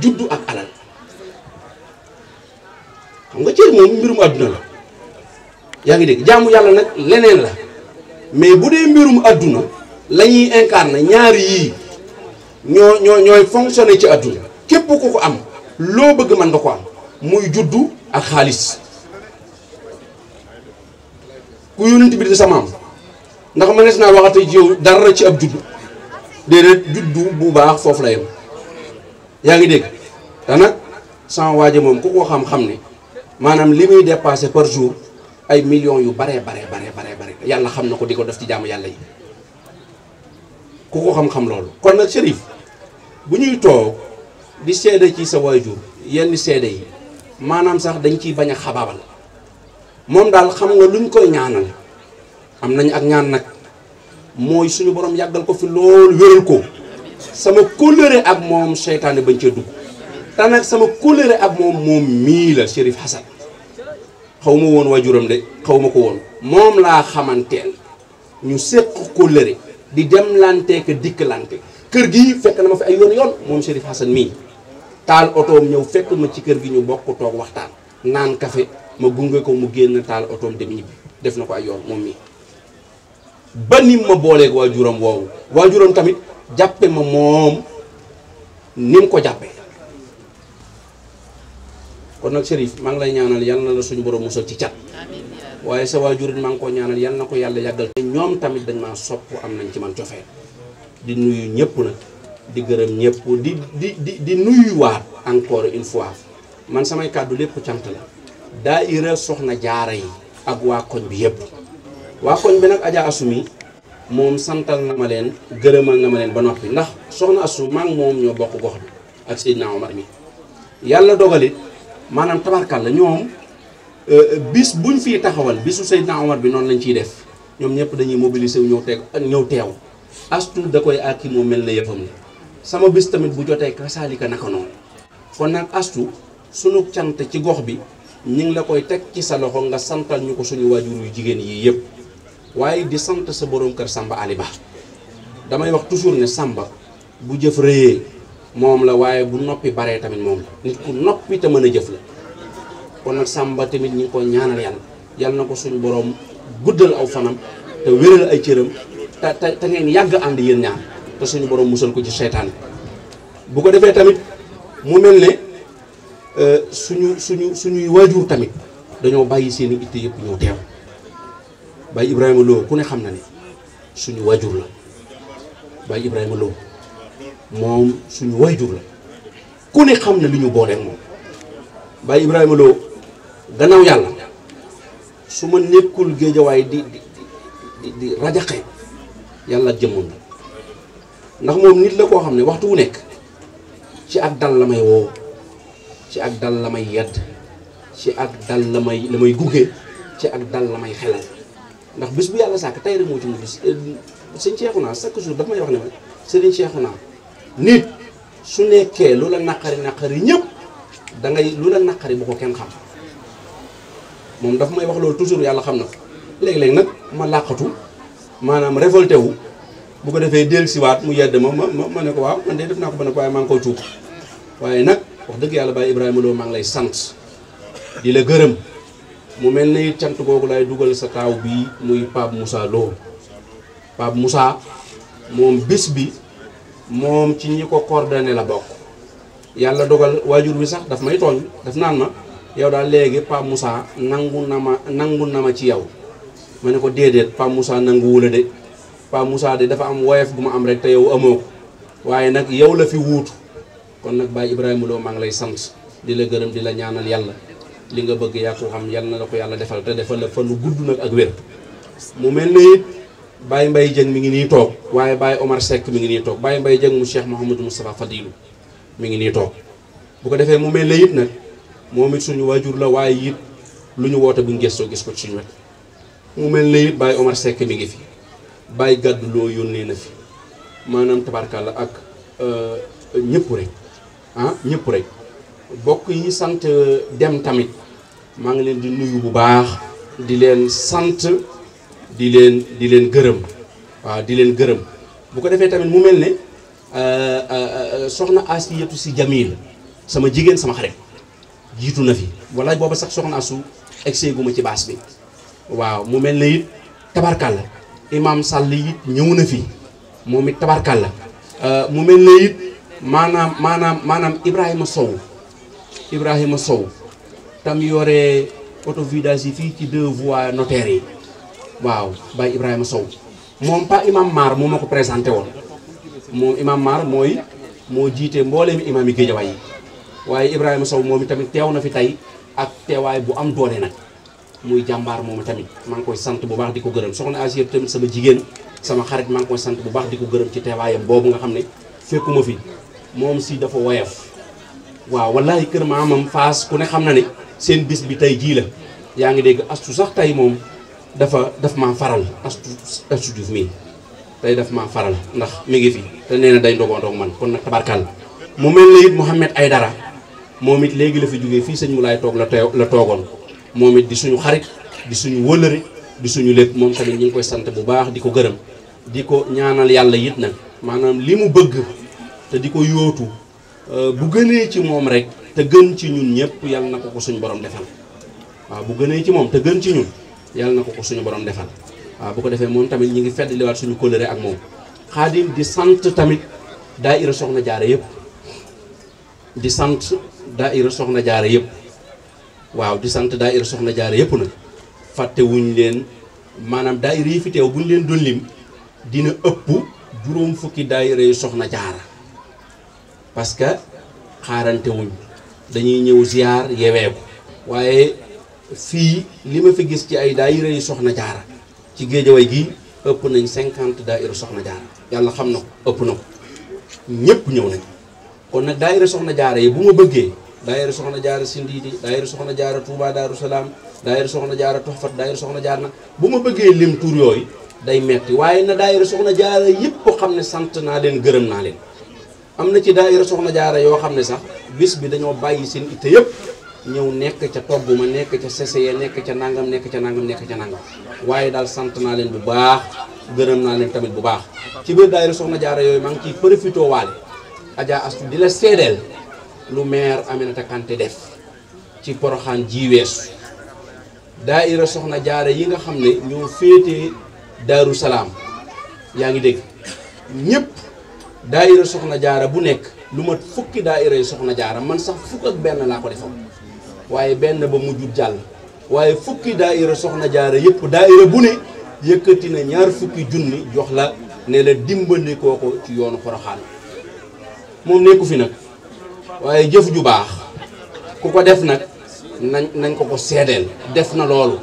[SPEAKER 1] juddu ak alal xam nga cër moom mbirum àdduna la yaa ngi dégg jaamu yàlla nag leneen la mais bu dee mbirum àdduna lañuy ñuy na ñaari yii ñoo ñoo ñooy fonctionné ci àdduna képp ku ko am loo bëgg mën nga ko am muy juddu ak xaalis ku yónent bi di sa maam ndax mënees naa waxat ci yow dara ci ab juddu déedéet juddu bu baax foofu la yem yaa ngi dégg te nag sama waaje moom ku ko xam-xam ne maanaam li muy dépassé par jour ay millions yu bare bare bare bare bare yàlla xam na ko di ko def ci jaamu yàlla yi ku ko xam-xam loolu kon nag Chérif bu ñuy toog di seede ci sa waajur yenn seede yi maanaam sax dañ ciy bañ a xabaabal moom daal xam nga luñ koy ñaanal am nañ ak ñaan nag mooy suñu borom yàggal ko fi loolu wéral ko sama kóllëre ak moom seytaane bañ cee dugg te nag sama kóllëre ak moom moom mii la Chérif Hassane xaw ma woon waajuram de xaw ma ko woon moom laa xamanteel ñu séq kóllëre di dem lante ak dikk lante kër gi fekk na ma fi ay yoon yoon moom Chérif Hassane mii taal auto ñew fekk ma ci kër gi ñu bokku tok waxtaan naan café ma gungé ko mu génn taal auto dem ñibi def nako ay yoon mom mi ba nim ma bolé booleeg waajuram woowu waajuram tamit jappé ma mom nim ko jappé kon nak Chérif ma ngi lay ñaanal yalla na la suñu borom musal ci chat waye sa wajur ma ngi ko ñaanal yalla nako yalla yagal te ñom tamit dañ ma sopp am nañ ci man jofé di nuyu ñepp nak di gërëm ñëpp di di di di waat encore une fois man samay cadeau lepp cant la daaira soxna jaara yi ak wa koñ bi yëpp wa koñ bi nak aja Asumi mom santal na ma len gërëmal na ma len ba nopi ndax soxna Asumi maa ngi moom ñoo bokk gox bi ak sayyidna Omar mi yalla dogalit manam tabarkal la ñoom euh, euh, bis buñ fi taxawal bisu sayyidna Omar bi non lañ ciy def ñoom ñëpp dañuy mobiliser wu tek teg tew astu da koy àkki sama bés tamit bu jotee kasaalika naka noonu kon nag astu suñu cant ci gox bi ñu ngi la koy teg ci sa loxo nga santal ñu ko suñu waajur yu jigéen yii yëpp waaye di sant sa borom kër Samba Ali damay wax toujours ne sàmba bu jëf rëyee moom la waaye bu noppi baree tamit moom la nit ku noppi te mën a jëf la kon nag sàmba tamit ñi ko ñaanal yàlla yàlla na ko suñu boroom guddal aw fanam te wéral ay cëram te te ngeen yàgg ànd yéen ñaar. te suñu borom musal ko ci seytaane bu ko defee tamit mu mel ne euh, suñu suñu suñuy waajur tamit dañoo bàyyi seen i itte yëpp ñëw teew bàyyi Ibrahima Lo ku ne xam na ne suñu waajur la Baye Ibrahima Lo moom suñu waajur la ku ne xam na li ñu booleeg moom bàyyi Ibrahima Lo gannaaw yàlla su ma nekkul géejawaay di di di di rajaxe yàlla jëmmoon ndax moom nit la koo xam ne waxtu wu nekk ci ak dal la may woo ci ak dal la may yedd ci ak dal la may la may gunge ci ak dal la may xelal ndax bés bu yàlla sàkk tey rek moo ci mujj sëñ Cheikhouna chaque jour dafa may wax ne ma sëriñ Cheikhouna nit su nekkee lu la naqari naqari ñëpp dangay lu la naqari bu ko kenn xam moom dafa may wax loolu toujours yàlla xam na ko léeg nag ma làqatu maanaam révolté wu. bu ko defee del wat mu yedd ma ma ma ne ko waaw man de def nako ko ba nag ko maa ngi nak wax dëgg yalla Baye Ibrahima Lo mang lay sant di la gërëm mu melni ni gogou lay dugal sa taw bi muy pap Moussa Lo pap Musa, mom bisbi, bi mom ci ñi ko coordonné la bok yalla dogal wajur bi sax daf may tooñ daf naan ma yow daal léegi Pape Moussa nangu nama nangu nama ma ci yow mané ko Moussa de Pa Moussa de dafa am woyef gu ma am rek te yow amoo ko waaye yow la fi wuutu kon nag Baye Ibrahima Lo maa ngi lay sant di la gërëm di la ñaanal yàlla li nga bëgg yaa ko xam yal na la ko yàlla defal te defal la fan gudd nag ak wér mu mel ni it Baye Mbaye mi ngi nii toog waaye Baye Omar Seck mi ngi nii toog Baye Mbaye Dieng mu Cheikh Mouhamadou Moustapha Fadilou mi ngi nii toog bu ko defee mu mel na it nag moom it suñu waajur la waaye it lu ñu woote bu ñu gëstoo gis ko ci suñu wet mu mel ne it Baye Omar sekk mi ngi fi bàyyi gàddu loo yónnee na fi maanaam la ak euh, ñëpp rek ah, ñëpp rek bokk yi sant euh, dem tamit maa ngi leen di nuyu bu baax di leen sant di leen di leen gërëm waaw di leen gërëm bu ko defee tamit mu mel ne euh, soxna Asiyatu si Jamil sama jigéen sama xarit jiitu na fi walaay booba sax soxna su egseeguma ci baas bi waaw mu mel ne it tabarkàlla imaam Sall it ñëw na fi moom it la euh, mu mel ne it maanaam maanaam maanaam Ibrahima Sow Ibrahima Sow tam yore autovidage yi fii ci deux voies notaires yi waaw Baye Ibrahima Sow moom pa imaam Mar moo ma ko présenté woon moom imaam Mar mooy moo jiite mbooleem imaam yi Géejawaay yi waaye Ibrahima Sow moom tamit teew na fi tey ak teewaay bu am doole nag. muy jambar moom tamit mang koy sante bu baax di ko soxna azir tamit sama jigen sama xarit mang koy sante bu baax diko ko ci tewayam bobu nga xamne fekkuma fi mom si dafa woyef wa wallahi kër maamam Faas ku ne xamna ne seen bis bi tay ji la yaangi deg astu sax tay mom dafa daf ma faral astu astu Diouf mi tay daf ma faral ndax mi ngi fi te neena day ndogo ndogondoog man kon nak tabarkal mu melni Muhammad Aydara momit legui la fi joge fi seigne moulay tok la togon momit di suñu xarit di suñu wëlëre di suñu lepp mom tamit ñing koy sante bu baax di kogaram, diko di konyana ñaanal yalla yit nag manam limu bëgg te di yootu euh, bu gëné ci mom rek te gën ci ñun ñëpp yalla nako ko suñu borom defal wa bu gëné ci mom te gën ci ñun yalla na ko suñu borom defal wa bu ko defé mom tamit ngi fedd suñu koléré ak mom khadim di sante tamit daayira soxna jaare yëpp di sante daayira soxna jaare yëpp waaw di sant daayira soxna jaare yëpp na fàttewuñ leen maanaam daayira yi fi teew buñ leen doon lim dina ëpp juróom fukki daayira yu soxna jaara parce que xaarante wuñ dañuy ñëw ziar yewee ko waaye fii li ma fi gis ci ay daayira yu soxna jaara ci géejaway gi ëpp nañ cinquante daayira soxna jaara yàlla xam na ko ëpp na ko ñëpp ñëw nañ kon nag daayira soxna jaara yi bu ma bëggee daayira soxna jaara sindiidi daayira soxna jaara Touba Daaru Salaam daayira soxna jaara toxfat daayira soxna jaar na bu ma bëggee lim tur yooyu day metti waaye na daayira soxna jaara yëpp xam ne sant naa leen gërëm naa leen am na ci daayira soxna jaara yoo xam ne sax bis bi dañoo bàyyi seen itte yëpp ñëw nekk ca togg ma nekk ca sese ya nekk ca nangam nekk ca nangam nekk ca nangam waaye daal sant naa leen bu baax gërëm naa leen tamit bu baax ci biir daayira soxna jaara yooyu maa ngi ciy profité waale Astu di la seedeel lu maire Aminata Kanté def ci Porokhane ji weesu daayira soxna jaare yi nga xam ne ñoo féetee Daaru Salaam yaa ngi dégg ñëpp daayira soxna jaara bu nekk lu ma fukki daayira yi soxna jaara man sax fukk ak benn laa ko defam waaye benn ba mujjul jàll waaye fukki daayira soxna jaara yëpp daayira bu ne yëkkati na ñaar fukki junni jox la ne la dimbali ko ci yoonu Porokhane moom nekku fi nag waaye jëf ju baax ku ko def nag nañ nañ ko ko seedeel def na loolu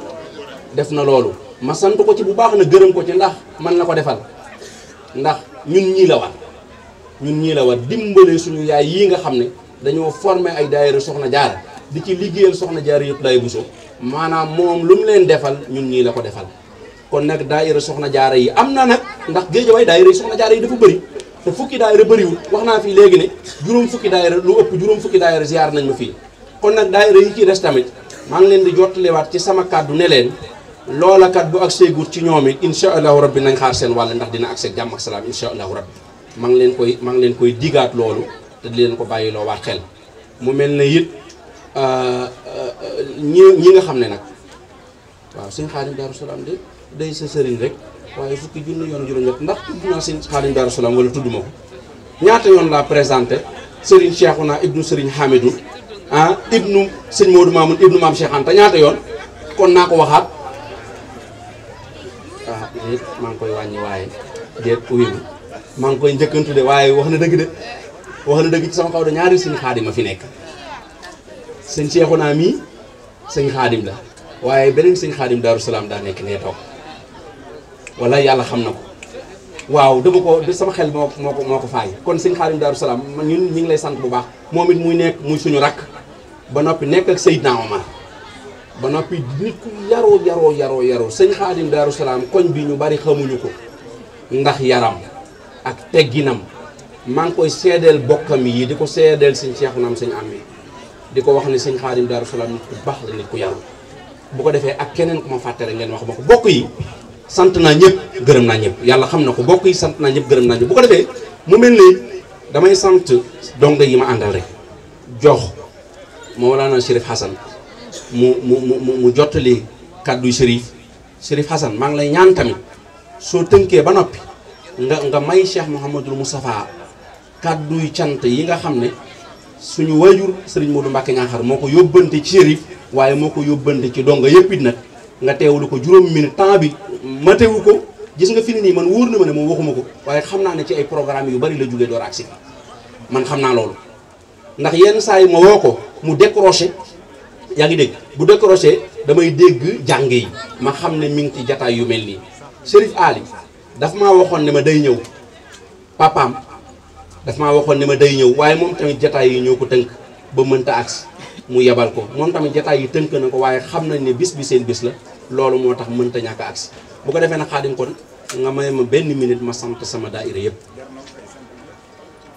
[SPEAKER 1] def na loolu ma sant ko ci bu baax na gërëm ko ci ndax man na ko defal ndax ñun ñii la war ñun ñii war dimbale suñu yaay yii nga xam ne dañoo formé ay daayira soxna jaara di ci liggéeyal soxna jaara yëpp lay buso maanaam moom lu mu leen defal ñun ñii la ko defal kon nag daayira soxna jaara yi am na nag ndax géejawaay daayira yi soxna jaara yi dafa bëri te fukki daayira bëriwul wax naa fii léegi ne juróom fukki daayira lu ëpp juróom fukki daayira ziar nañ ma fii kon nag daayira yi ci des tamit maa ngi leen di leewaat ci sama kàddu ne leen loolakat bu ak seegut ci ñoom it allah allahu bi nañ xaar seen wàll ndax dina ak seen jàmm ak salaam incha allahu rabbi maa ngi leen koy maa leen koy digaat loolu te di leen ko bàyyi loo waat xel mu mel na it euh, euh, ñi ñi nga xam ne nag waaw sëñ Xaadim Daaru Salaam de day sa sëriñ rek waaye fukki junni yoon juróom-ñett ndax tudd naa sëñ Xaadim Daaru Salaam wala tudd ma ko ñaata yoon laa présenté Serigne Cheikhouna ibnu Serigne Hamidou ah ibnu sëñ Modou Mamoun ibnu Maam Cheikh ñaata yoon kon naa ko waxaat ah ngi koy wàññi waaye déet wuyu maa ngi koy njëkkantu de waaye wax na dëgg de wax na dëgg ci sama xaw da ñaari sëñ Xaadim fi nekk sëñ naa mii sëñ Xaadim la waaye beneen sëñ Xaadim Daaru Salaam daa nekk nee toog. wala yàlla xam na ko waaw dama ko sama xel moo moo ko moo ko faay kon sëñ Xaadim Daaru Salaam man ñun ñu ngi lay sant bu baax moom it muy nekk muy suñu rakk ba noppi nekk ak Seydina Omar ba noppi nit ku yaroo yaroo yaroo yaroo Daaru Salaam koñ bi ñu bari xamuñu ko ndax yaram ak tegginam maa ngi koy seedeel bokkam yi di ko seedeel sëñ Seexu naam sëñ am yi di ko wax ne sëñ Xaadim Daaru Salaam nit ku baax la nit ku yaru bu ko defee ak keneen ku ma fàttale ngeen wax ma ko bokk yi sant naa ñëpp gërëm naa ñëpp yàlla xam na ko bokk yi sant naa ñëpp gërëm naa ñëpp bu ko defee mu mel ni damay sant dongo yi ma àndal rek jox Mawlana Chérif Hassan mu mu mu mu jottali kàddu Chérif Chérif Hassan maa ngi lay ñaan tamit soo tënkee ba noppi nga nga may Cheikh Mouhamadul Moustapha kàdduy cant yi nga xam ne suñu wajur sëriñ Modou Mbacke Ñaaxar moo ko yóbbante ci Chérif waaye moo ko yóbbante ci dongo yëpp it nag nga teewlu ko juróomi matewu ko gis nga fi ni nii man wóor na ma ne moom waxuma ko waaye xam naa ne ci ay programme yu bari la jógee door ak si man xam naa loolu ndax yenn saa yi ma woo ko mu décroché yaa ngi dégg bu décroché damay dégg jàng yi ma xam ne mi ngi ci jataay yu mel nii Chérif Ali daf maa waxoon ne ma day ñëw papaam dafa maa waxoon ne ma day ñëw waaye moom tamit jataay yi ñoo ko tënk ba mënta agsi mu yebal ko moom tamit jataay yi tënk na ko waaye xam nañ ne bis bi la loolu motax mën ta ñaka a bu ko defé nak xadim kon nga may ma benn minute ma sant sama daayira yépp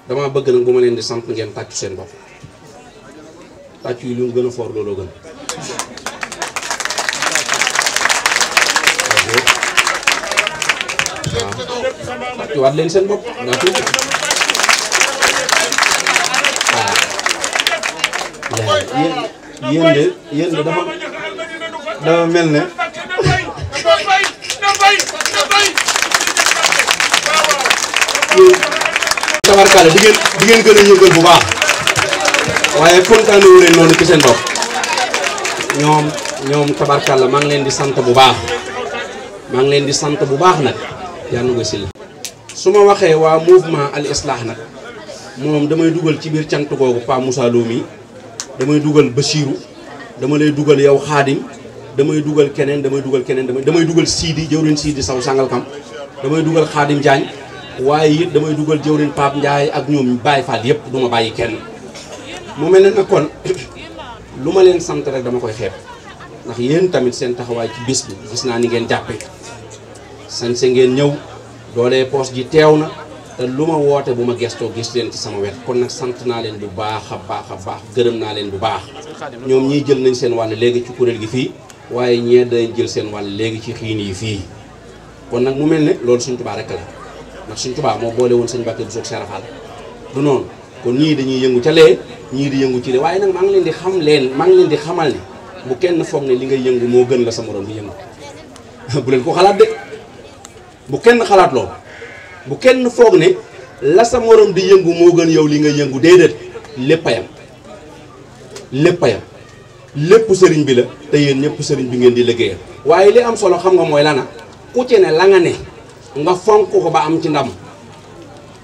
[SPEAKER 1] dama bëgg nak buma ma leen di sant ngeen tàccu seen bop tàccu yi lu mu for a foor looloo gën waaw tàccuwaat leen seen bop daa tuuti
[SPEAKER 2] waaw yéen yéen dafa dafa mel
[SPEAKER 1] tabarkaale di ngeen di ngeen gën a yëngal bu baax waaye kontaane wu leen noonu ci seen bopp ñoom ñoom tabarkaale maa ngi leen di sant bu baax maa ngi leen di sant bu baax nag yàlla nga si la su ma waxee waa mouvement al islah nag moom damay dugal ci biir cant googu Pa Moussa Lo mii damay dugal Bachirou dama lay dugal yow Xaadim damay dugal keneen damay dugal keneen damay damay dugal Sidi jëwriñ Sidi saw Sangalkam damay dugal Xaadim Diagne waaye it damay dugal jëwriñ Pape njaay ak ñoom bàyyi faat yëpp du bàyyi kenn. mu mel ne nag kon lu ma leen sant rek dama koy xeeb ndax yéen tamit seen taxawaay ci bis ni gis naa ni ngeen jàppee sañse ngeen ñëw doole poos ji teew na. te lu ma woote bu ma gestoo gis leen ci sama wet kon nag sant naa leen bu baax a baax a baax gërëm naa leen bu baax ñoom ñiy jël nañ seen wàll léegi ci kuréel gi fii waaye ñee dañ jël seen wàll léegi ci xiin yi fii kon nag mu mel ne loolu suñ tubaa rek la ndax suñ tubaa moo boole woon sëñ Mbàkke bu soog seerafaal du noonu kon ñii dañuy yëngu ca lee ñii di yëngu ci lee waaye nag maa ngi leen di xam leen maa ngi leen di xamal ne bu kenn foog ne li ngay yëngu moo gën la sa morom di yëngu bu leen ko xalaat de bu kenn xalaat lool bu kenn foog ne la sa morom di yëngu moo gën yow li nga yëngu déedéet lépp a yam lépp sëriñ bi la te yéen ñëpp sëriñ bi ngeen di liggéeyal waaye li am solo xam nga mooy lana ku ci ne la nga ne nga fonk ko ba am ci ndam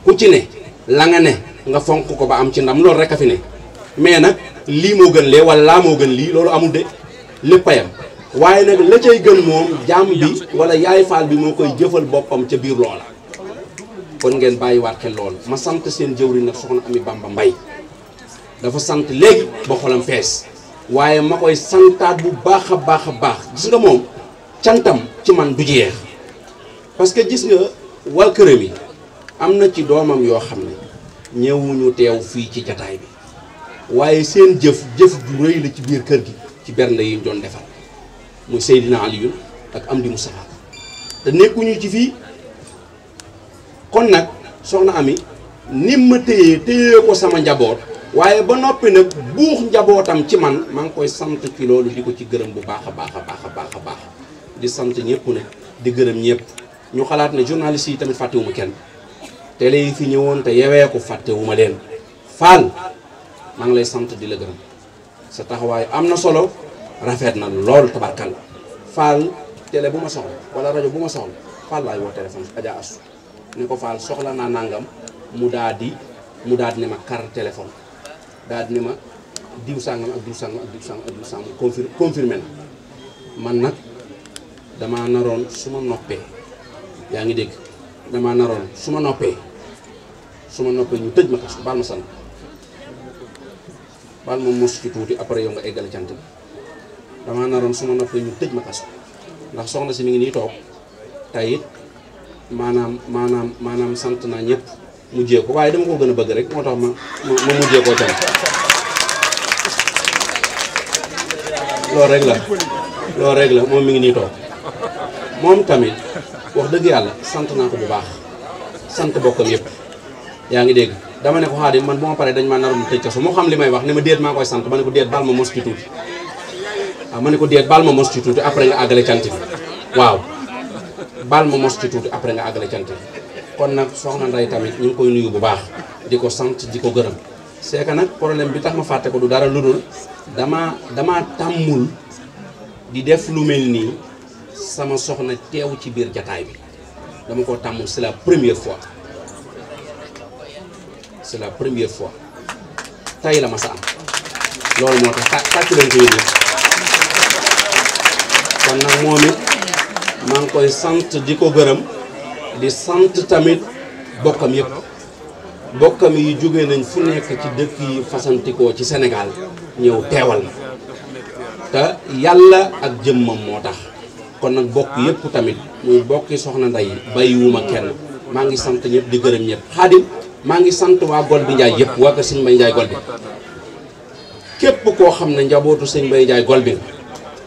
[SPEAKER 1] ku ci ne la nga ne nga fonk ko ba am ci ndam loolu rek a fi ne mais nag lii moo gën lee wala laa moo gën lii loolu amul de lépp a yam waaye nag la cay gën moom jàmm bi wala yaay faal bi moo koy jëfal boppam ca biir loola kon ngeen bàyyiwaat xel lool ma sant seen jëwriñ nag soxna Ami Bamba Mbay dafa sant léegi fees waaye ma koy santaat bu baax a baax a baax gis nga moom cantam ci man du jeex parce que gis nga wal këram yi am na ci doomam yoo xam ne ñëwuñu teew fii ci jataay bi waaye seen jëf jëf ju rëy la ci biir kër gi ci bernde yi ñu doon defal muy Seydina Alioune ak Amdi Moustapha te nekkuñu ci fii kon nag soxna Ami ni ma téye téye ko sama njaboot waye ba nopi nak buux njabotam ci man mang koy sante ci lolou diko ci gërëm bu baax a baax a baax di sante ñepp ne di gërëm ñepp ñu xalaat ne journaliste yi tamit fàttewuma kenn télé yi fi te yewé ko fàttewuma leen lay sante di la gërëm sa taxaway amna solo rafet na lool tabarkal Fall télé buma soxla wala radio buma ma soxla Fall laay woo téléphone Adja asu ne ko Fall soxla na nangam mu daadi mu daadi ne ma kar téléphone daal di ne ma diw sàngam ak diw sàngam ak diw sàngam ak diw sàngam confir confirmé na man nag damaa naroon su ma noppee yaa ngi dégg damaa naroon su ma noppee su ma noppee ñu tëj ma kaso baal ma sant baal ma mos ci après yow nga ñu ma ndax soxna mi ngi sant mujjee ko waaye dama ko gën a bëgg rek moo tax ma
[SPEAKER 3] ma mujjee koo tere
[SPEAKER 1] loolu rek la loolu rek la moom mu ngi nii toog moom tamit wax dëgg yàlla sant naa ko bu baax sant bokkam yëpp yaa ngi dégg dama ne ko xaadim man bu ma paree dañ maa naroon tëj kaso moo xam li may wax ne ma déet maa koy sant ma ne ko déet baal ma mos ci tuuti ah, ma ne ko déet bal ma mos ci tuuti après nga àggale cant bi waaw bal ma mos ci tuuti après nga àggale cant bi kon nak soxna nday tamit ñu koy nuyu bu baax diko sant diko ko c'est que nak problème bi tax ma faté ko du dara lu dama dama tamul di def lu melni sama soxna tewu ci bir jotaay bi dama ko tamul c'est la première fois c'est la première fois tay la ma sa am loolu tak tax tàcc leen ko yéen kon nak moom mang koy sant diko ko di sant tamit bokkam yëpp bokkam yi jóge nañ fu nekk ci dëkk yi fasantikoo ci Sénégal ñëw teewal na te yàlla ak jëmmam moo tax kon nag bokk yëpp tamit muy bokki soxna Ndey bàyyiwuma kenn maa ngi sant ñëpp di gërëm ñëpp xaadim maa ngi sant waa gol bi Njaay yëpp waa ko sëñ Mbay Njaay gol bi képp xam ne njabootu sëñ Mbay bi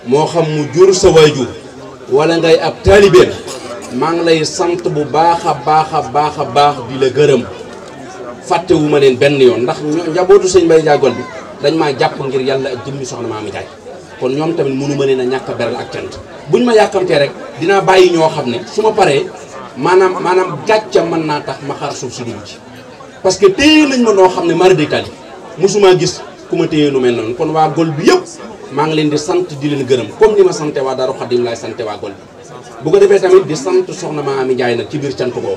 [SPEAKER 1] moo xam mu jur sa waajur wala ngay ab taalibe maa ngi lay sant bu baax a baax a baax a baax di la gërëm fàttewu ma leen benn yoon ndax njabootu sëñ Mbaye Ndiago bi dañ maa jàpp ngir yàlla ak jëmmi soxna Maamy Ndiaye kon ñoom tamit mënu ma leen a ñàkk a beral ak cant bu ñu ma yàkkamtee rek dinaa bàyyi ñoo xam ne su ma paree maanaam maanaam gàcca man naa tax ma xaar suuf si dugg ci parce que te nañ ma noo xam ne mari de tali mosumaa gis ku ma téye nu mel noonu kon waa gol bi yëpp maa ngi leen di sant di leen gërëm comme ni ma sante waa Daaru Xadim laay sante waa bi bu ko defé tamit di sant soxna ami jaay nak ci bir cant goo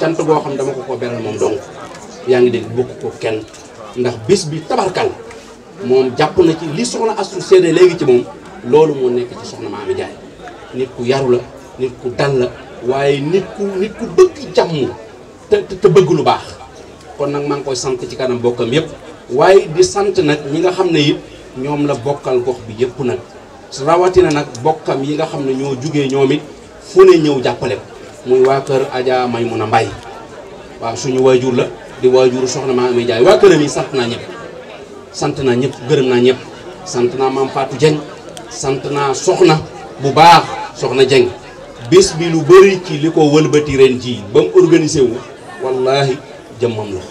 [SPEAKER 1] cant go xam dama ko ko beral mom dong yaangi ngi bu ko ken ndax bis bi tabarkal mom japp na ci li soxna Astou cede legi ci mom loolu mo nek ci soxna ami jaay nit ku yaru la nit ku dal la waye nit ku nit ku bëgg jamm te te bëgg lu baax kon nak maa ngi koy sant ci kanam bokkam yépp waye di sant nak ñi nga xamne ne ñom la bokkal gox bi yépp nak rawatina nag bokkam yi nga xam ne ñoo jugee ñoom it fu ne ñëw jàppale ko muy waa kër Adja a mbay waaw suñu waajur la di waajur soxna ma amee jaay waa këram yi sant naa ñëpp sant naa ñëpp gërëm naa ñëpp sant naa maam Fatou Dieng sant naa soxna bu baax soxna Dieng bis bi lu bëri ci li ko wëlbati ren jii ba mu organisé wu wallaahi jëmmam la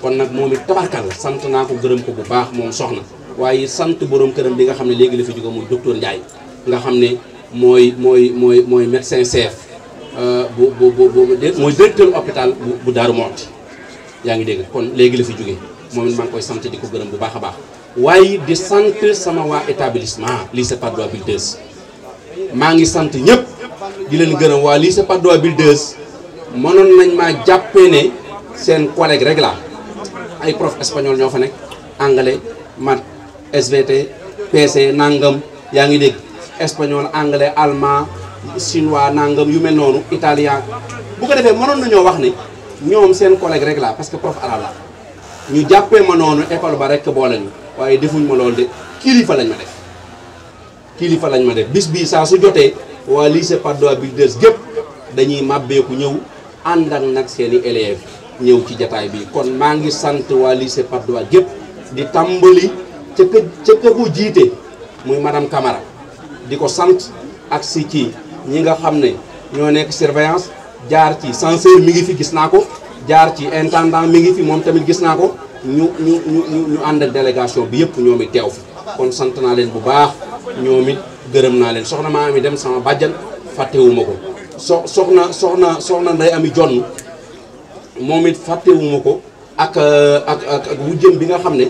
[SPEAKER 1] kon nag moom it tabarkal la sant naa ko gërëm ko bu baax moom soxna waye sante borom këram bi nga xam ne la fi jóge moy docteur ndjay nga xam moy moy moy moy médecin chef euh, bu bu bu bu moy directeur hôpital bu daru Darou Mouhty yaa ngi dégg kon léegi la fi jóge moom mang koy sante diko gërëm bu baax baax di sante sama wa établissement li c'est pas Bulleuse maa ngi sant ñëpp di leen gërëm waa lycée Patte d'Oie Bulleuse mënoon nañ ma jappé né sen collègue rek la ay prof espagnol ñofa nek anglais mat SVT PC e, nangam yang ini, Espanyol, Angle, anglais allemand chinois nangam Yumen, Nono, noonu italien bu ko defee mënoon nañoo wax ni ñoom prof Arala. la ñu mana ma ekol barek ke bolen, boole ñu waaye defuñ kiri loolu de bis bis bisa sujote, wali lise pada lycée Patte d'Oie Builders mabe dañuy andang nak ànd ak nag kijatai bi kon mangis santu sant lise pada Patte ca kë ku jiite muy madame kamara di ko sant ak si ci ñi nga xam ne ñoo nekk surveillance jaar ci censeur mi ngi fi gis naa ko jaar ci intendant mi ngi fi moom tamit gis naa ko ñu ñu ñu ñu ànd ak délégation bi yëpp ñoomi teew fi kon sant naa leen bu baax ñoomit gërëm naa leen soxna maa mi dem sama bàjjan fàttewuma ko so soxna soxna soxna nday ami jonn moom it fàttewuma ko ak ak ak bi nga xam ne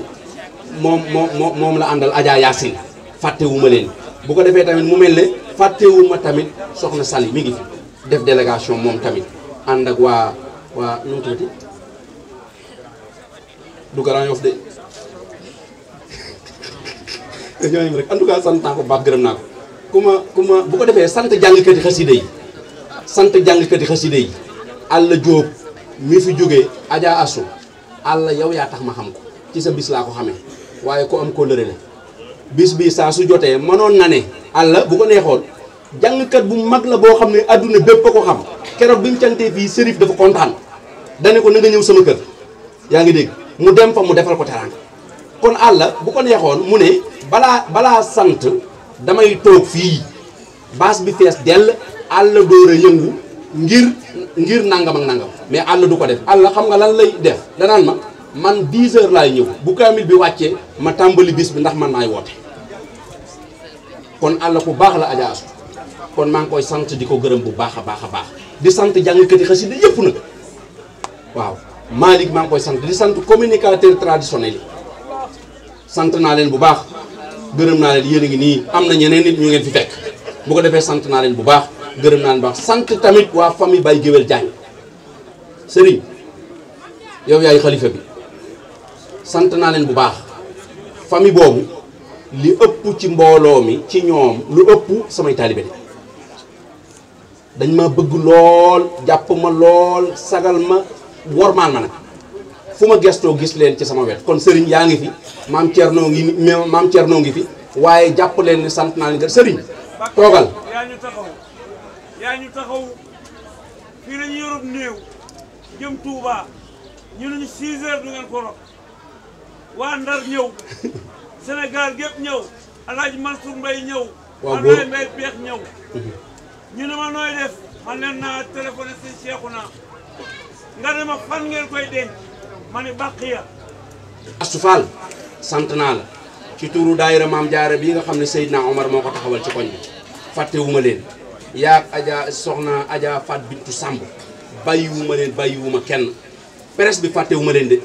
[SPEAKER 1] moom moom moom la àndal Adja Yacine fàttewuma leen bu ko defee tamit mu mel ne fàttewuma tamit soxna Sali mi ngi fi def délégation moom tamit ànd ak waa waa nu mu tuddati du Grand Yoff de ñooñu rek en tout cas sant naa ko baax gërëm naa ko ku ma ku ma bu ko defee sant jàngkati xasida yi sant jàngkati xasida yi àll jóob mi fi jógee Adja Assou àll yow yaa tax ma xam ko ci sa bis laa ko xamee waaye ku am kóllëre la bis bi saa su jotee manoon na ne àlla bu ko neexoon jàngkat bu mag la boo xam ne àdduna bépp a ko xam keroog bi mu cantee fii sërif dafa kontaan dane ko na nga ñëw sama kër yaa ngi dégg mu dem fa mu defal ko teraanga kon àlla bu ko neexoon mu ne balaa balaa sant damay toog fii baas bi fees dell àlla dóor a yëngu ngir ngir nangam ak nangam mais àlla du ko def àlla xam nga lan lay def danaan ma man 10 h lay ñew bu kamil bi wacce ma tambali bis bi ndax man maay wote kon àlla ku bax la Adja kon mang koy sante diko ko bu baxa baxa bax di sante jang keuti jàngkati yep nak waaw malik mang koy sante di sante communicateur traditionnel sante na len bu bax gërëm na len yeene ngi ni amna ñeneen nit ñu ngeen fi fekk bu ko defé sante na len bu bax gërëm na len bax sante tamit wa fami bay gëwel jang Serigne yow yaay khalifa bi sant na len bu baax fami bobu li ëpp ci mbolo mi ci ñoom lu ëpp samay talibé dañ ma bëgg lool japp ma lool sagal ma wormaal ma nak fuma gesto gis len ci sama wet kon sëriñ yaangi fi mam tierno ngi mam tierno ngi fi waye japp len ni sant na len gën sëriñ
[SPEAKER 4] togal yañu taxaw yañu taxaw
[SPEAKER 2] fi lañu yorop neew jëm Touba ñu ñu 6 heures du ngeen ko rop waa Ndar ñëw Sénégal gépp ñëw Alaaji Mansour Mbaye ñëw Abdoulaye Mbaye Peex ñëw mhm. ñu ne ma nooy def man leen naa téléphoné si Cheikhouna nga ne ma fan ngeen koy denc ma ne Baqiya
[SPEAKER 1] Astu Fall sant naa la ci tuuru daayira maam jaare bii nga xam ne Seydina Omar moo ko taxawal ci koñ bi fàttewuma leen yaa Adja soxna Adja Fat Bintu Samb bàyyiwuma leen bàyyiwuma kenn presse bi fàttewuma leen de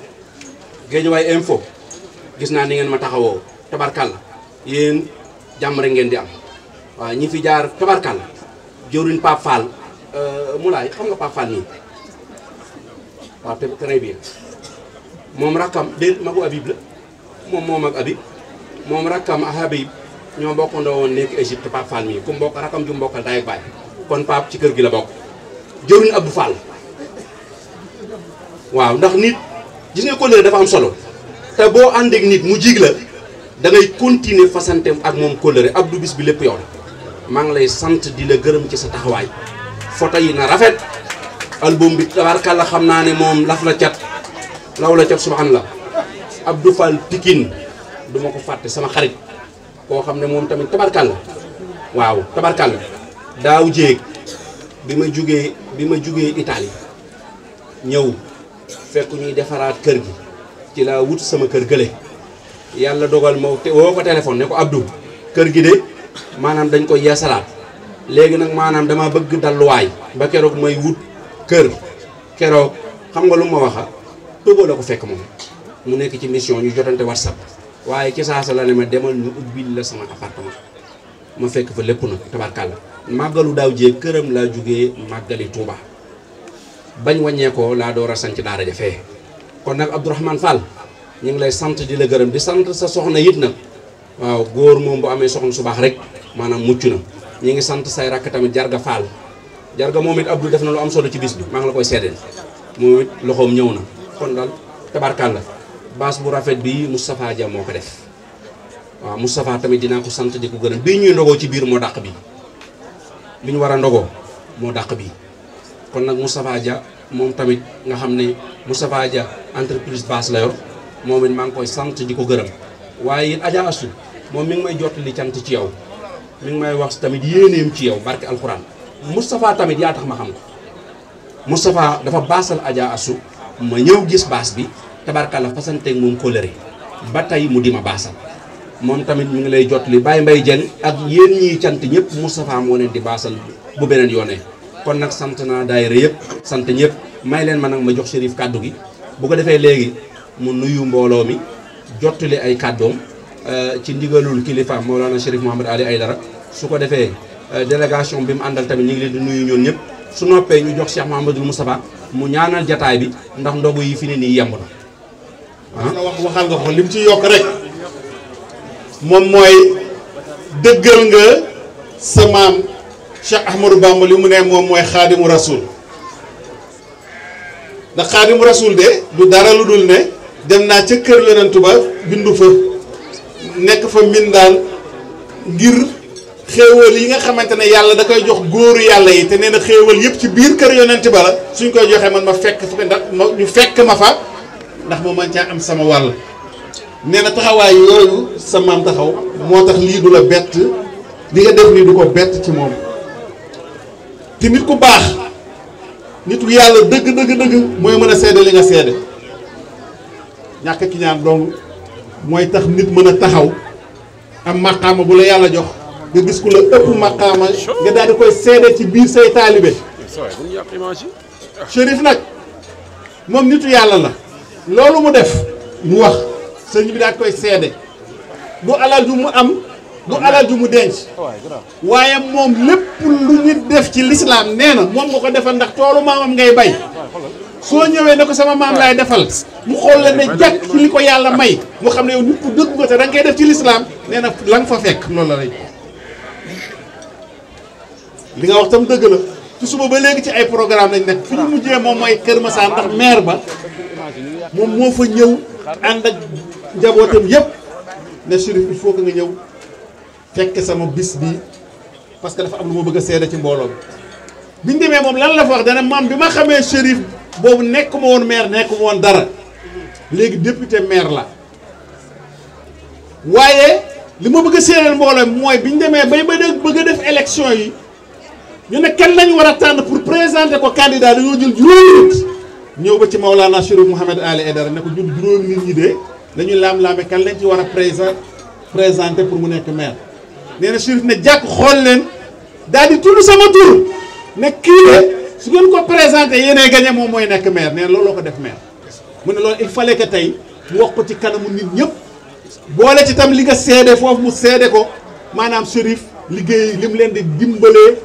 [SPEAKER 1] Guédiawaye info gis na ah, eh, ni ngeen ma taxawo tabarkal yeen jàmm rek ngeen di am wa ñi fi jaar tabarkal jëwriñ pa Fall euh laay xam nga pa Fall ni wa te très bien mom rakam del magu Habib la mom mom ak Habib mom rakam ak ño ñoo ndo won nek egypte pa Fall mi ku mbokk rakam ju bay kon pa ci keur gi la bokk jëwriñ abou Fall waaw ndax nit gis nga kóllëre dafa am solo te boo àndeek ak nit mu jig la da ngay continuer fasanteem ak moom kóllëre Abdou bis bi lépp yoon la maa ngi lay sant di la gërëm ci sa taxawaay photo yi na rafet album bi tabarkàlla xam naa ni moom laf la cat law la cat subhanallah Abdou Fall Pikine du duma ko fàtte sama xarit koo xam ne moom tamit tabarkàlla waaw tabarkàlla daaw jéeg bi ma jugee bi ma jugee Italie ñëw fekk ñuy defaraat kër gi ci laa wut sama kër gële yàlla dogal ma te woo ko téléphone ne ko Abdou kër gi de maanaam dañ koy yeesalaat léegi nag maanaam dama bëgg dalluwaay ba keroog may wut kër keroog xam nga lu ma waxa Togo la ko fekk moom mu nekk ci mission ñu jotante whatsapp waaye ci saasa la ne ma demal ñu ubbil la sama appartement ma fekk fa lépp nag la màggalu daaw jee këram laa jugee màggali Touba bañ wàññeekoo laa door a sanc daara ja fee kon nak Fal, Fall ñi ngi lay sante di la gërëm di sante sa soxna yit nak waaw goor mom bu amé soxna su bax rek manam muccu na ñi ngi sante say rak tamit Jarga Fall Jarga momit Abdou def na lu am solo ci bis bi ma nga la koy sédel momit loxom ñew na kon dal tabarkallah bass bu rafet bi Moustapha Dia moko def waaw Moustapha tamit dina ko sante di ko gërëm bi ñuy ndogo ci biir mo dakk bi bi ñu war a ndogoo bi kon nak Dia mom tamit nga Dia entreprise baas la yor moom it maa ngi koy sant di ko gërëm waaye it Adja Astou moom mi ngi may jottali cant ci yow mi ngi may wax tamit yéeneem ci yow barke alxuraan Moustapha tamit yaa tax ma xam ko Moustapha dafa baasal Adja Astou ma ñëw gis baas bi tabarka tabarkalla fasanteeg moom kóllëre ba tey mu di ma baasal moom tamit mi ngi lay jot li Baye Mbaye Dieng ak yéen ñiy cant ñëpp Moustapha moo leen di baasal bu beneen yoonee kon nag sant naa daayira yëpp sant ñëpp may leen ma nag ma jox Chérif kàddu gi. bu ko defee léegi mu nuyu mbooloo mi jottali ay kàddoom euh, ci ndigalul kilifa Mawlana Chérif Mouhamed Ali dara su ko defee euh, délégation bi mu àndal tamit ñu ngi leen di nuyu ñoon ñëpp su noppee ñu jox Cheikh Mouhamadul Moustapha mu ñaanal jataay bi ndax ndogu yi fi ne nii yemb na. ah wax waxal nga ko li ci yokk rek moom mooy
[SPEAKER 3] dëggal nga sa maam Cheikh Ahmadou Bamba li mu ne moom mooy xaadimu rasul da xaadim rasul de du dara lu ne dem na ci keur yonentu ba bindu fa nek fa mindaan ngir xewal yi nga xamantene yalla da koy jox góoru yalla yi te neena xewal yep ci bir keur yonent ba la suñ koy joxe man ma fekk fu ko ndax ñu fekk ma fa ndax mo man caa am sama wal neena na yoyu sa mam taxaw motax li du la bet li nga def ni du ko bet ci mom timit ku bax nitu yàlla dëgg dëgg dëgg mooy mën a seede li nga seede ñàkk ki ñaan dong mooy tax nit mën a taxaw am maqaama bu la yàlla jox nga gis ku la ëpp maqaama nga daal di koy seede ci biir say taalibe Chérif nag moom nitu yàlla la loolu mu def mu wax sëñ bi daal koy seede du alal ju mu am du alal mu denc. waaye moom lépp lu ñu def ci lislaam nee na moom nga ko defal ndax toolu maamam ngay bay soo ñëwee ne ko sama maam laay defal mu xool la ne jàkk ci li ko yàlla may moo xam ne dëgg nga te def ci lislaam nee na la nga fa fekk la rek li nga wax tam dëgg la ci suba ba léegi ci ay programme lañ nekk fi ñu mujjee moom mooy Kër Massar ndax maire ba moom moo fa ñëw ànd ak njabootam yëpp ne Chérif il faut nga ñëw fekke sama bis bi parce que dafa am lu ma bëgg a seede ci mbooloo bi ñu demee moom lan la fa wax dana maam bi ma xamee shérif boobu nekk ma woon maire nekk ma woon dara léegi député maire la waaye li ma bëgg a séeréel mbooloo mooy bi ñu demee bay ba bëgg def élection yi ñu ne kan lañu war a tànn pour présenter ko candidat dañoo jël juróomi nit ñëw ba ci Maolana Chérif Mouhamed Ali Aidara ne ko jël juróomi nit ñi de lañuy ñu laam-laame kan lañ ci war a présenter pour mu nekk maire nee na ne jàkk xool leen daal di tudd sama tur na kii la su ngeen ko présenté yeneen gagné moom mooy nekk maire nee na looloo ko def maire. mu ne loolu il fallait tey wax ko ci kanamu nit ñëpp boole ci tam li nga seede foofu mu seede ko maanaam Chérif liggéey li mu leen di dimbalee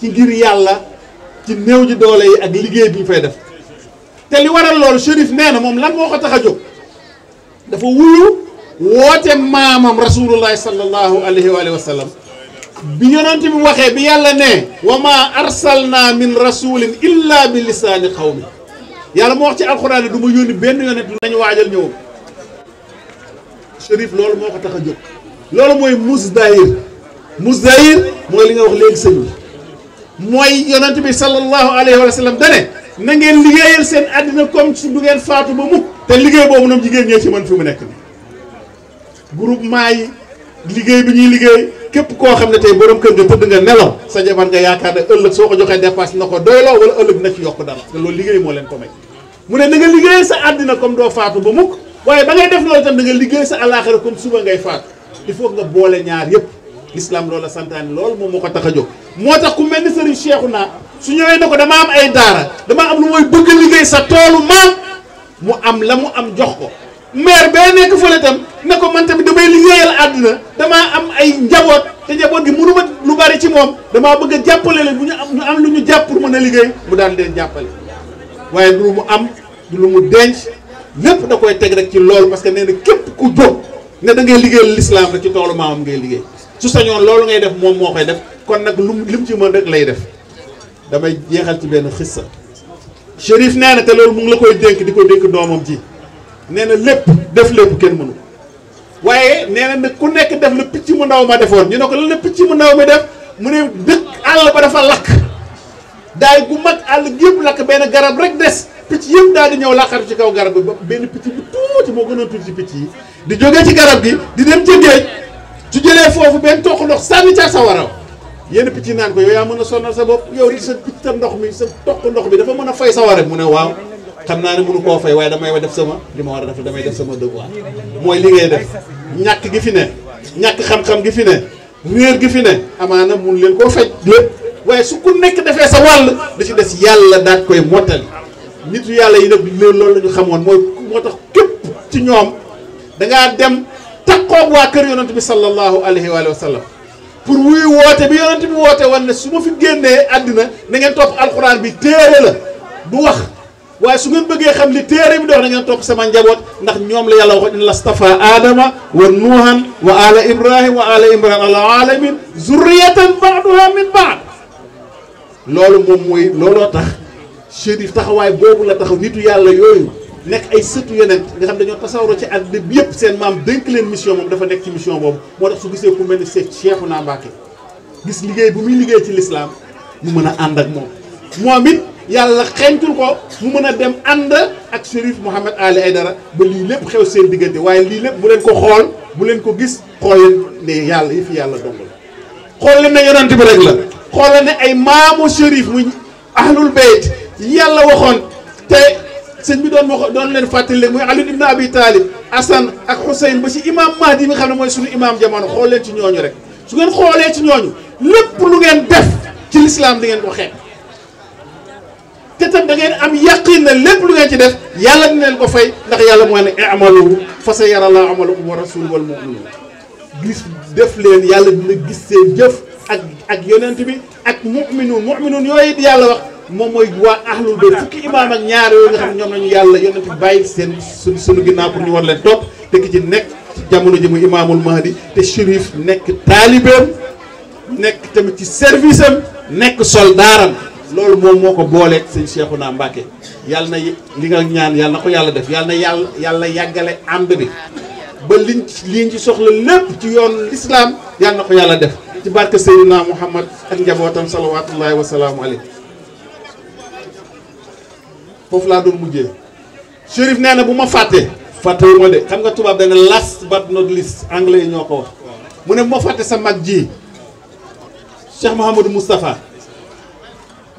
[SPEAKER 3] ci ngir yàlla ci néew ji doole yi ak liggéey bi ñu fay def te li waral loolu Chérif nee na moom lan moo ko tax a jóg dafa wuyu. wote mamam rasulullah sallallahu alayhi wa sallam bi yonent bi waxe bi yàlla ne wa ma arsalna min rasulin illa bi lisaani qawmi yàlla mo wax ci alquran ne du ma yónni benn yonent nañu wajal ñew sharif lolu moko taxa tax a jóg loolu mooy musdahir musdahir mooy li nga wax léegi sëñ moy mooy yonent bi sallallahu alayhi wa sallam dane na ngeen liggéeyal sen adina comme ci du ngeen faatu ba mu te liggéey boobu noonu jigéen ñe ci man fi mu nekk ni groupement yi liggéey bi ñuy liggéey képp koo xam ne tey boroom kër nga tëdd nga nelaw sa jabar nga yaakaar ne ëllëg soo ko joxee dépasse na ko doyloo wala ëllëg na ci yokk dara te ko may mu ne da nga liggéey sa doo faatu ba mukk waaye ba ngay def tam da nga liggéey sa alaaxira comme suba ngay faatu il faut nga boole ñaar yëpp l'islam loolu la santaane loolu moom moo ko tax a moo tax ku mel ni Serigne Cheikhouna su ñëwee ne ko damaa am ay daara damaa am lu mooy bëgg liggéey sa toolu maa mu am la mu am jox ko mer bee nek fele tam ne ko man tam damay liggéeyal àdduna dama am ay njabot te njabot gi mënuma lu bari ci mom dama bëgg jappalé le buñu am ñu am luñu japp pour mëna a liggéey mu dal leen jappalé waye du mu am du lu mu denc lepp da koy tegg rek ci lool parce que nee kep ku do ne da ngay liggéeyal l'islam rek ci tolu maamam ngay liggéey su sañon lool ngay def mom mo koy def kon nak lu lim ci mën rek lay def damay jéxal ci ben xissa shérif nee te lool mu ngi la koy dénk diko ko domam ji nee lepp def lepp kenn mënu waye waaye ne ku nek def la petit mu ndaw ma defoon ñu nako ko la mu ndaw mi def mu ne dekk Allah ba dafa lak daay gu mag Allah gep lak ben garab rek dess petit yëpp daal di ñew lakar ci kaw garab bi petit petit bu tuuti mo gëna tuuti ci petit di joge ci garab gi di dem ci geej ci jëlé fofu ben tok ndox sami ci sa waraw yenn petit nan ko yow ya mëna sonal sa bop yow li sa petit ndox mi sa tok ndox bi dafa mëna fay sa war mu ne waaw xam naa ne mënu koo fay waaye damay def sama li ma war a def damay def sama devoir
[SPEAKER 4] mooy li ngay def
[SPEAKER 3] ñàkk gi fi ne ñàkk xam-xam gi fi ne wéer gi fi ne amaana mun leen koo faj lépp waaye su ku nekk defee sa wàll da ci des yàlla daat koy mottali nit yu yàlla yi nag loolu la ñu xamoon mooy moo tax képp ci ñoom dangaa dem takkoog waa kër yonent bi sallallahu alayhi wa sallam pour wuy woote bi yonent bi woote woon ne su ma fi génnee àddina na ngeen topp alxuraan bi téere la du wax waaye su ngeen bëggee xam li téere bi dox na ngeen topp sama njaboot ndax ñoom la yàlla waxoon lastafa adama
[SPEAKER 2] wa nuuhan wa ala ibrahim
[SPEAKER 3] wa ala imran ala alamin zurriyatan baaduha min baad loolu moom mooy looloo tax chérif taxawaay boobu la taxaw nitu yàlla yooyu nekk ay sëtu yeneen nga xam dañoo tasawro ci àddina bi yëpp seen maam dénk leen mission moom dafa nekk ci mission boobu moo tax su gisee ku mel ni Seex Seexuna Mbàkke gis liggéey bu muy liggéey ci lislaam mu mën a ànd ak moom moom it yàlla xeeñtul ko mu mën a dem ànd ak Chérif Mouhamed Ali Aïdara ba lii lépp xew seen diggante waaye lii lépp bu leen ko xool bu leen ko gis xoolee ne yàlla yi fi yàlla dong la xool leen ne yonent bi rek la xool leen ne ay maamu Chérif muy ahlul bayt yàlla waxoon te sëñ bi doon wax doon leen fàttali leen muy Ali ibn Abi Talib Hassan ak Hussein ba ci imam Mahdi mi xam ne mooy suñu imam jamono xool leen ci ñooñu rek su ngeen xoolee ci ñooñu lépp lu ngeen def ci lislaam di ngeen ko xeeb te tam da am yàqin na lépp lu ngeen ci def yàlla dina leen ko fay ndax yàlla moo ne i'malu eh, fa sayarallahu amalakum wa rasul wal mu'minun gis def leen yàlla dina gis seen jëf ak ak yonent bi ak mu'minun mu'minun yooyu yàlla wax moom mooy waa ahlul bayt fukki imaam ak ñaar yooyu nga xam ñoom lañu yàlla yonent bi bàyyi seen su suñu ginnaaw pour ñu war leen topp te ki ci nekk jamono ji muy imaamul mahdi te shérif nekk taalibeem nekk tamit ci service am nekk soldaaram loolu moom moo ko booleeg sëñ Cheikhouna Mbacké yàlla na li nga ñaan yàlla ko yàlla def yàlla yàlla yàlla yàggale ànd bi ba liñ liñ ci soxla lépp ci yoon lislaam yàlla na ko yàlla def ci barke Seydina Muhammad ak njabootam salawaatullaahi wa salaamu aleykum foofu laa doon mujjee Chérif nee na bu ma fàttee fàttewu ma de xam nga tubaab dana last but not least anglais yi ñoo ko wax mu ne bu ma fàtte sa mag ji Cheikh Mouhamadou Moustapha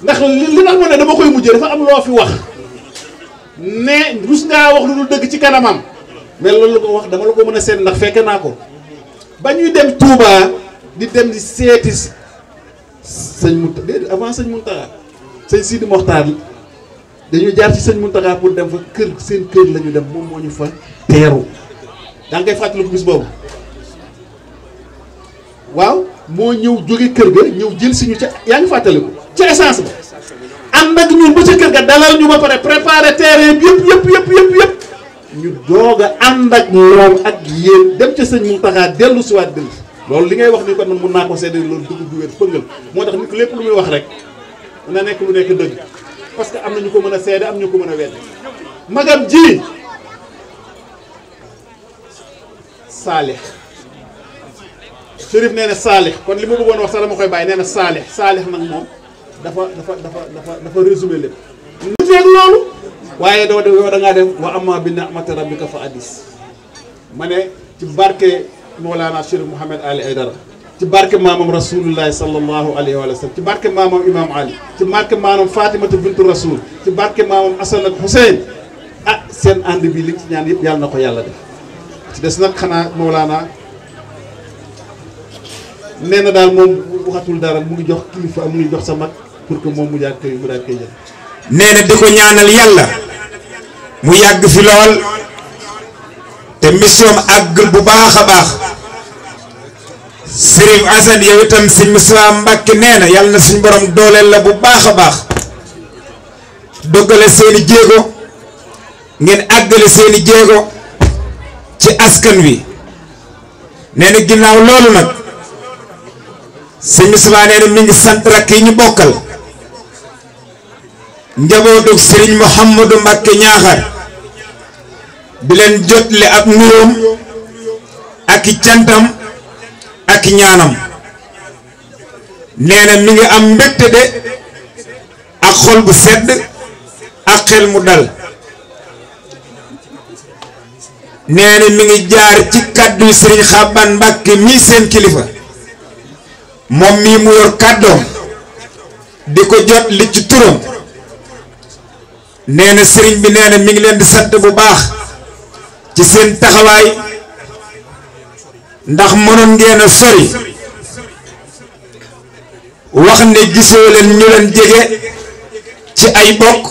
[SPEAKER 3] ndax li tax ma ne dama koy mujjee dafa am loo fi wax ne rus ngaa wax lu dul dëgg ci kanamam mais loolu la ko wax dama la ko mën a seet ndax fekke naa ko ba ñuy dem Touba di dem di seeti sëñ Mouta déedéet avant sëñ Mountakha sëñ Sidi Mokhtar dañuy jaar ci sëñ Mountakha pour dem fa kër seen kër la ñu dem moom moo ñu fa teeru daa ngay fàttaliku bis boobu waaw. moo ñëw jóge kër ga ñëw jël si ñu ca yaa ngi fàttaliku ca essence ba ànd ak ñun ba ca kër ga dalal ñu ba pare préparé terrain bi yëpp yëpp yëpp yëpp ñu doog a ànd ak moom ak yéen dem ca sëñ Mountakha dellu si waat dellu loolu li ngay wax ni ko man mun naa ko seede loolu dugg bu wér pëngal moo tax nit lépp lu muy wax rek na nekk lu nekk dëgg parce que am na ñu ko mën a seede am ñu ko mën a wedd magam ji saalix Chérif nee na saalix kon li ma bëggoon wax sax dama koy bàyyi nee na saalix saalix nag moom dafa dafa dafa dafa dafa résumé lépp. lu teeg loolu. waaye doo yow da ngaa def wa amma bi ni'mati rabbika fa hadis ma ne ci barke Mawlana Chérif Mouhamed Ali Aydara ci barke maamam rasulullahi sallallahu alayhi wa sallam ci barke maamam Imam Ali ci barke maamam Fatimatu bintu rasul ci barke maamam Asan ak Huseyn ah seen ànd bi li ci ñaan yëpp yàlla na ko yàlla def ci des nag xanaa Mawlana. nee na daal moom dara mu jox kilifa jox sa mag pour mu daal mu daal koy jël.
[SPEAKER 2] na di ko ñaanal yàlla mu yàgg fi lool te mission àgg bu baax a baax Serigne Assane yow itam sëñ Moussa Mbacke nee na yàlla na suñ borom dooleel la bu baax a baax doggale seeni jéego ngeen àggale seeni jéego ci askan wi nee ginnaaw loolu nag. sëñ Moustapha nee na mi ngi sant rakk ñu bokkal njabootug sëriñ Mouhamadou Mbacke ñaaxar di leen jotle ab nuyoom ak i cantam ak ñaanam nee mi ngi am mbégte de ak xol bu sedd ak xel mu dal nee na mi ngi jaar ci kàddu sëriñ Xaban Mbacke mii seen kilifa moom mii mu yor kàddoom di ko jot li ci turam nee sëriñ bi nee na mi ngi leen di sant bu baax ci seen taxawaay ndax mënoon ngeen a sori wax ne gisoo leen ñu leen jege ci ay bokk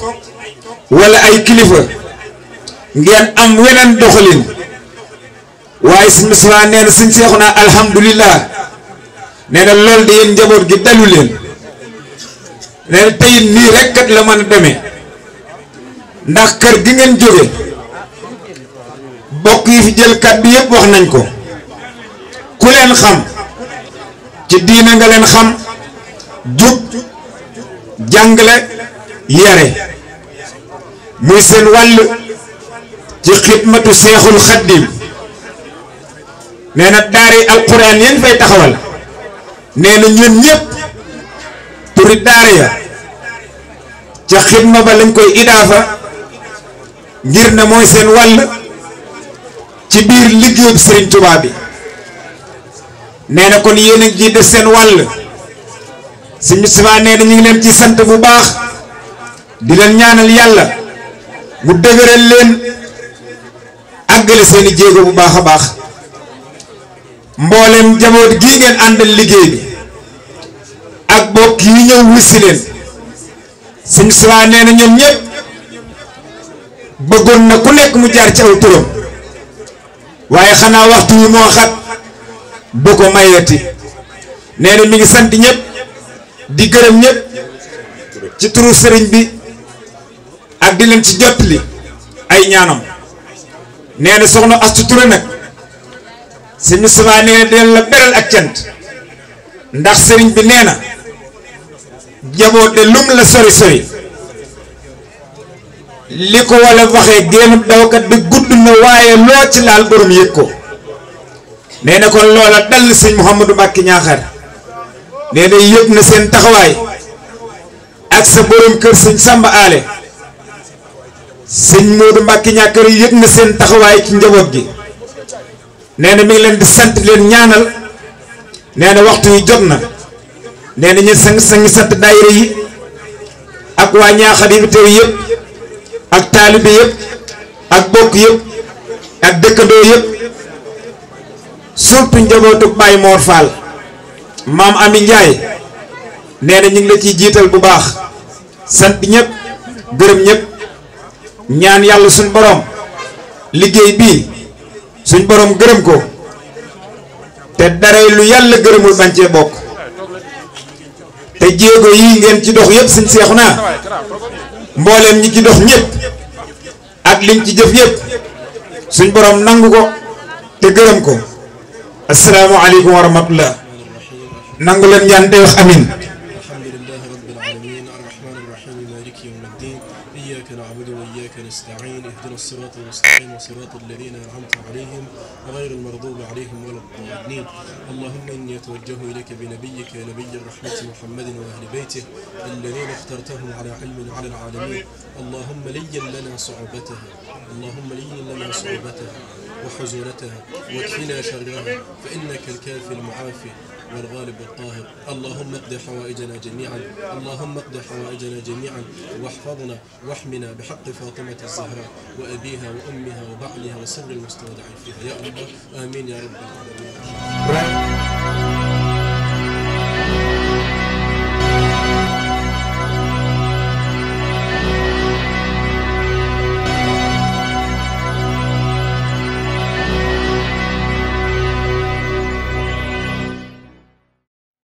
[SPEAKER 2] walla ay kilifa ngeen am weneen doxalin waaye suñu Moussa nee si suñ seexu naa alhamdulillah nee na loolu de yéen njaboot gi dalu leen tey nii rek kat la mën a demee ndax kër gi ngeen jóge bokk yi fi jël kàddu yëpp wax nañ ko ku leen xam ci diina nga leen xam jub jàngale yare muy seen wàll ci xidmatu seexul xaddim nee na daari alquran yéen fay taxawal nee na ñun ñëpp turi daara ya ca xidma ba lañ koy idaafa ngir na mooy seen wàll ci biir liggéeyub Serigne Touba bi nee na kon yéen a ngi def seen wàll si musiba nee na ñu ngi leen ci sant bu baax di leen ñaanal yàlla mu dëgëral leen àggale seeni jéego bu baax a baax. mboolem jaboot gii ngeen àndal liggéey bi ak bokk yi ñëw wisi leen sëñ Saba nee na ñoom ñëpp bëggoon na ku nekk mu jaar ci aw turam waaye xanaa waxtu wi moo xat du ko mayeeti nee mi ngi sant ñëpp di gërëm ñëpp ci turu bi ak di leen ci jottali ay ñaanam nee na soxna Astu Ture nag. sëñ Moustapha nee na la beral ak cant ndax sëriñ bi nee na jaboot de lum la sori sori li ko wala waxee génn dawkat bi gudd na waaye loo ci laal borom yëg ko nee na kon loola dal na sëñ Mouhamadou Mbacke Ñaaxar nee na yëg na seen taxawaay ak sa borom kër sëñ Samba Ale sëñ Modou Mbacke Ñaaxar yëg na seen taxawaay ci njaboot gi. nee na mi ngi leen di sant leen ñaanal nee na waxtu yi jot na nee na ñu sang sangi sant daayira yi ak waa ñaaxari bi teew yëpp ak taalibe yëpp ak bokk yëpp ak dëkkandoo yëpp surtout njabootu Baye Mor Fall maam Ami Ndiaye nee na ñu ngi la ciy jiital bu baax sant ñëpp gërëm ñëpp ñaan yàlla suñ borom liggéey bii suñ borom gërëm ko te daray lu yàlla gërëmul bañ cee bokk te jéego yi ngeen ci dox yëpp suñ seexu naa mbooleem ñi ci dox ñëpp ak liñ ci jëf yëpp suñ borom nangu ko te gërëm ko asalaamaaleykum wa rahmatullah nangu leen ñaan te wax
[SPEAKER 1] نستعين اهدنا الصراط المستقيم وصراط الذين أنعمت عليهم غير المغضوب عليهم ولا الضالين اللهم إني أتوجه إليك بنبيك يا نبي الرحمة محمد وأهل بيته الذين اخترتهم على علم على العالمين اللهم لين لنا صعوبتها اللهم لين لنا صعوبتها وحزونتها واكفنا شرها فإنك الكافي المعافي والغالب والقاهر اللهم اقض حوائجنا جميعا اللهم اقض حوائجنا جميعا واحفظنا واحمنا بحق فاطمة الزهراء وأبيها وأمها
[SPEAKER 4] وبعلها وسر المستودع فيها يا الله آمين يا رب العالمين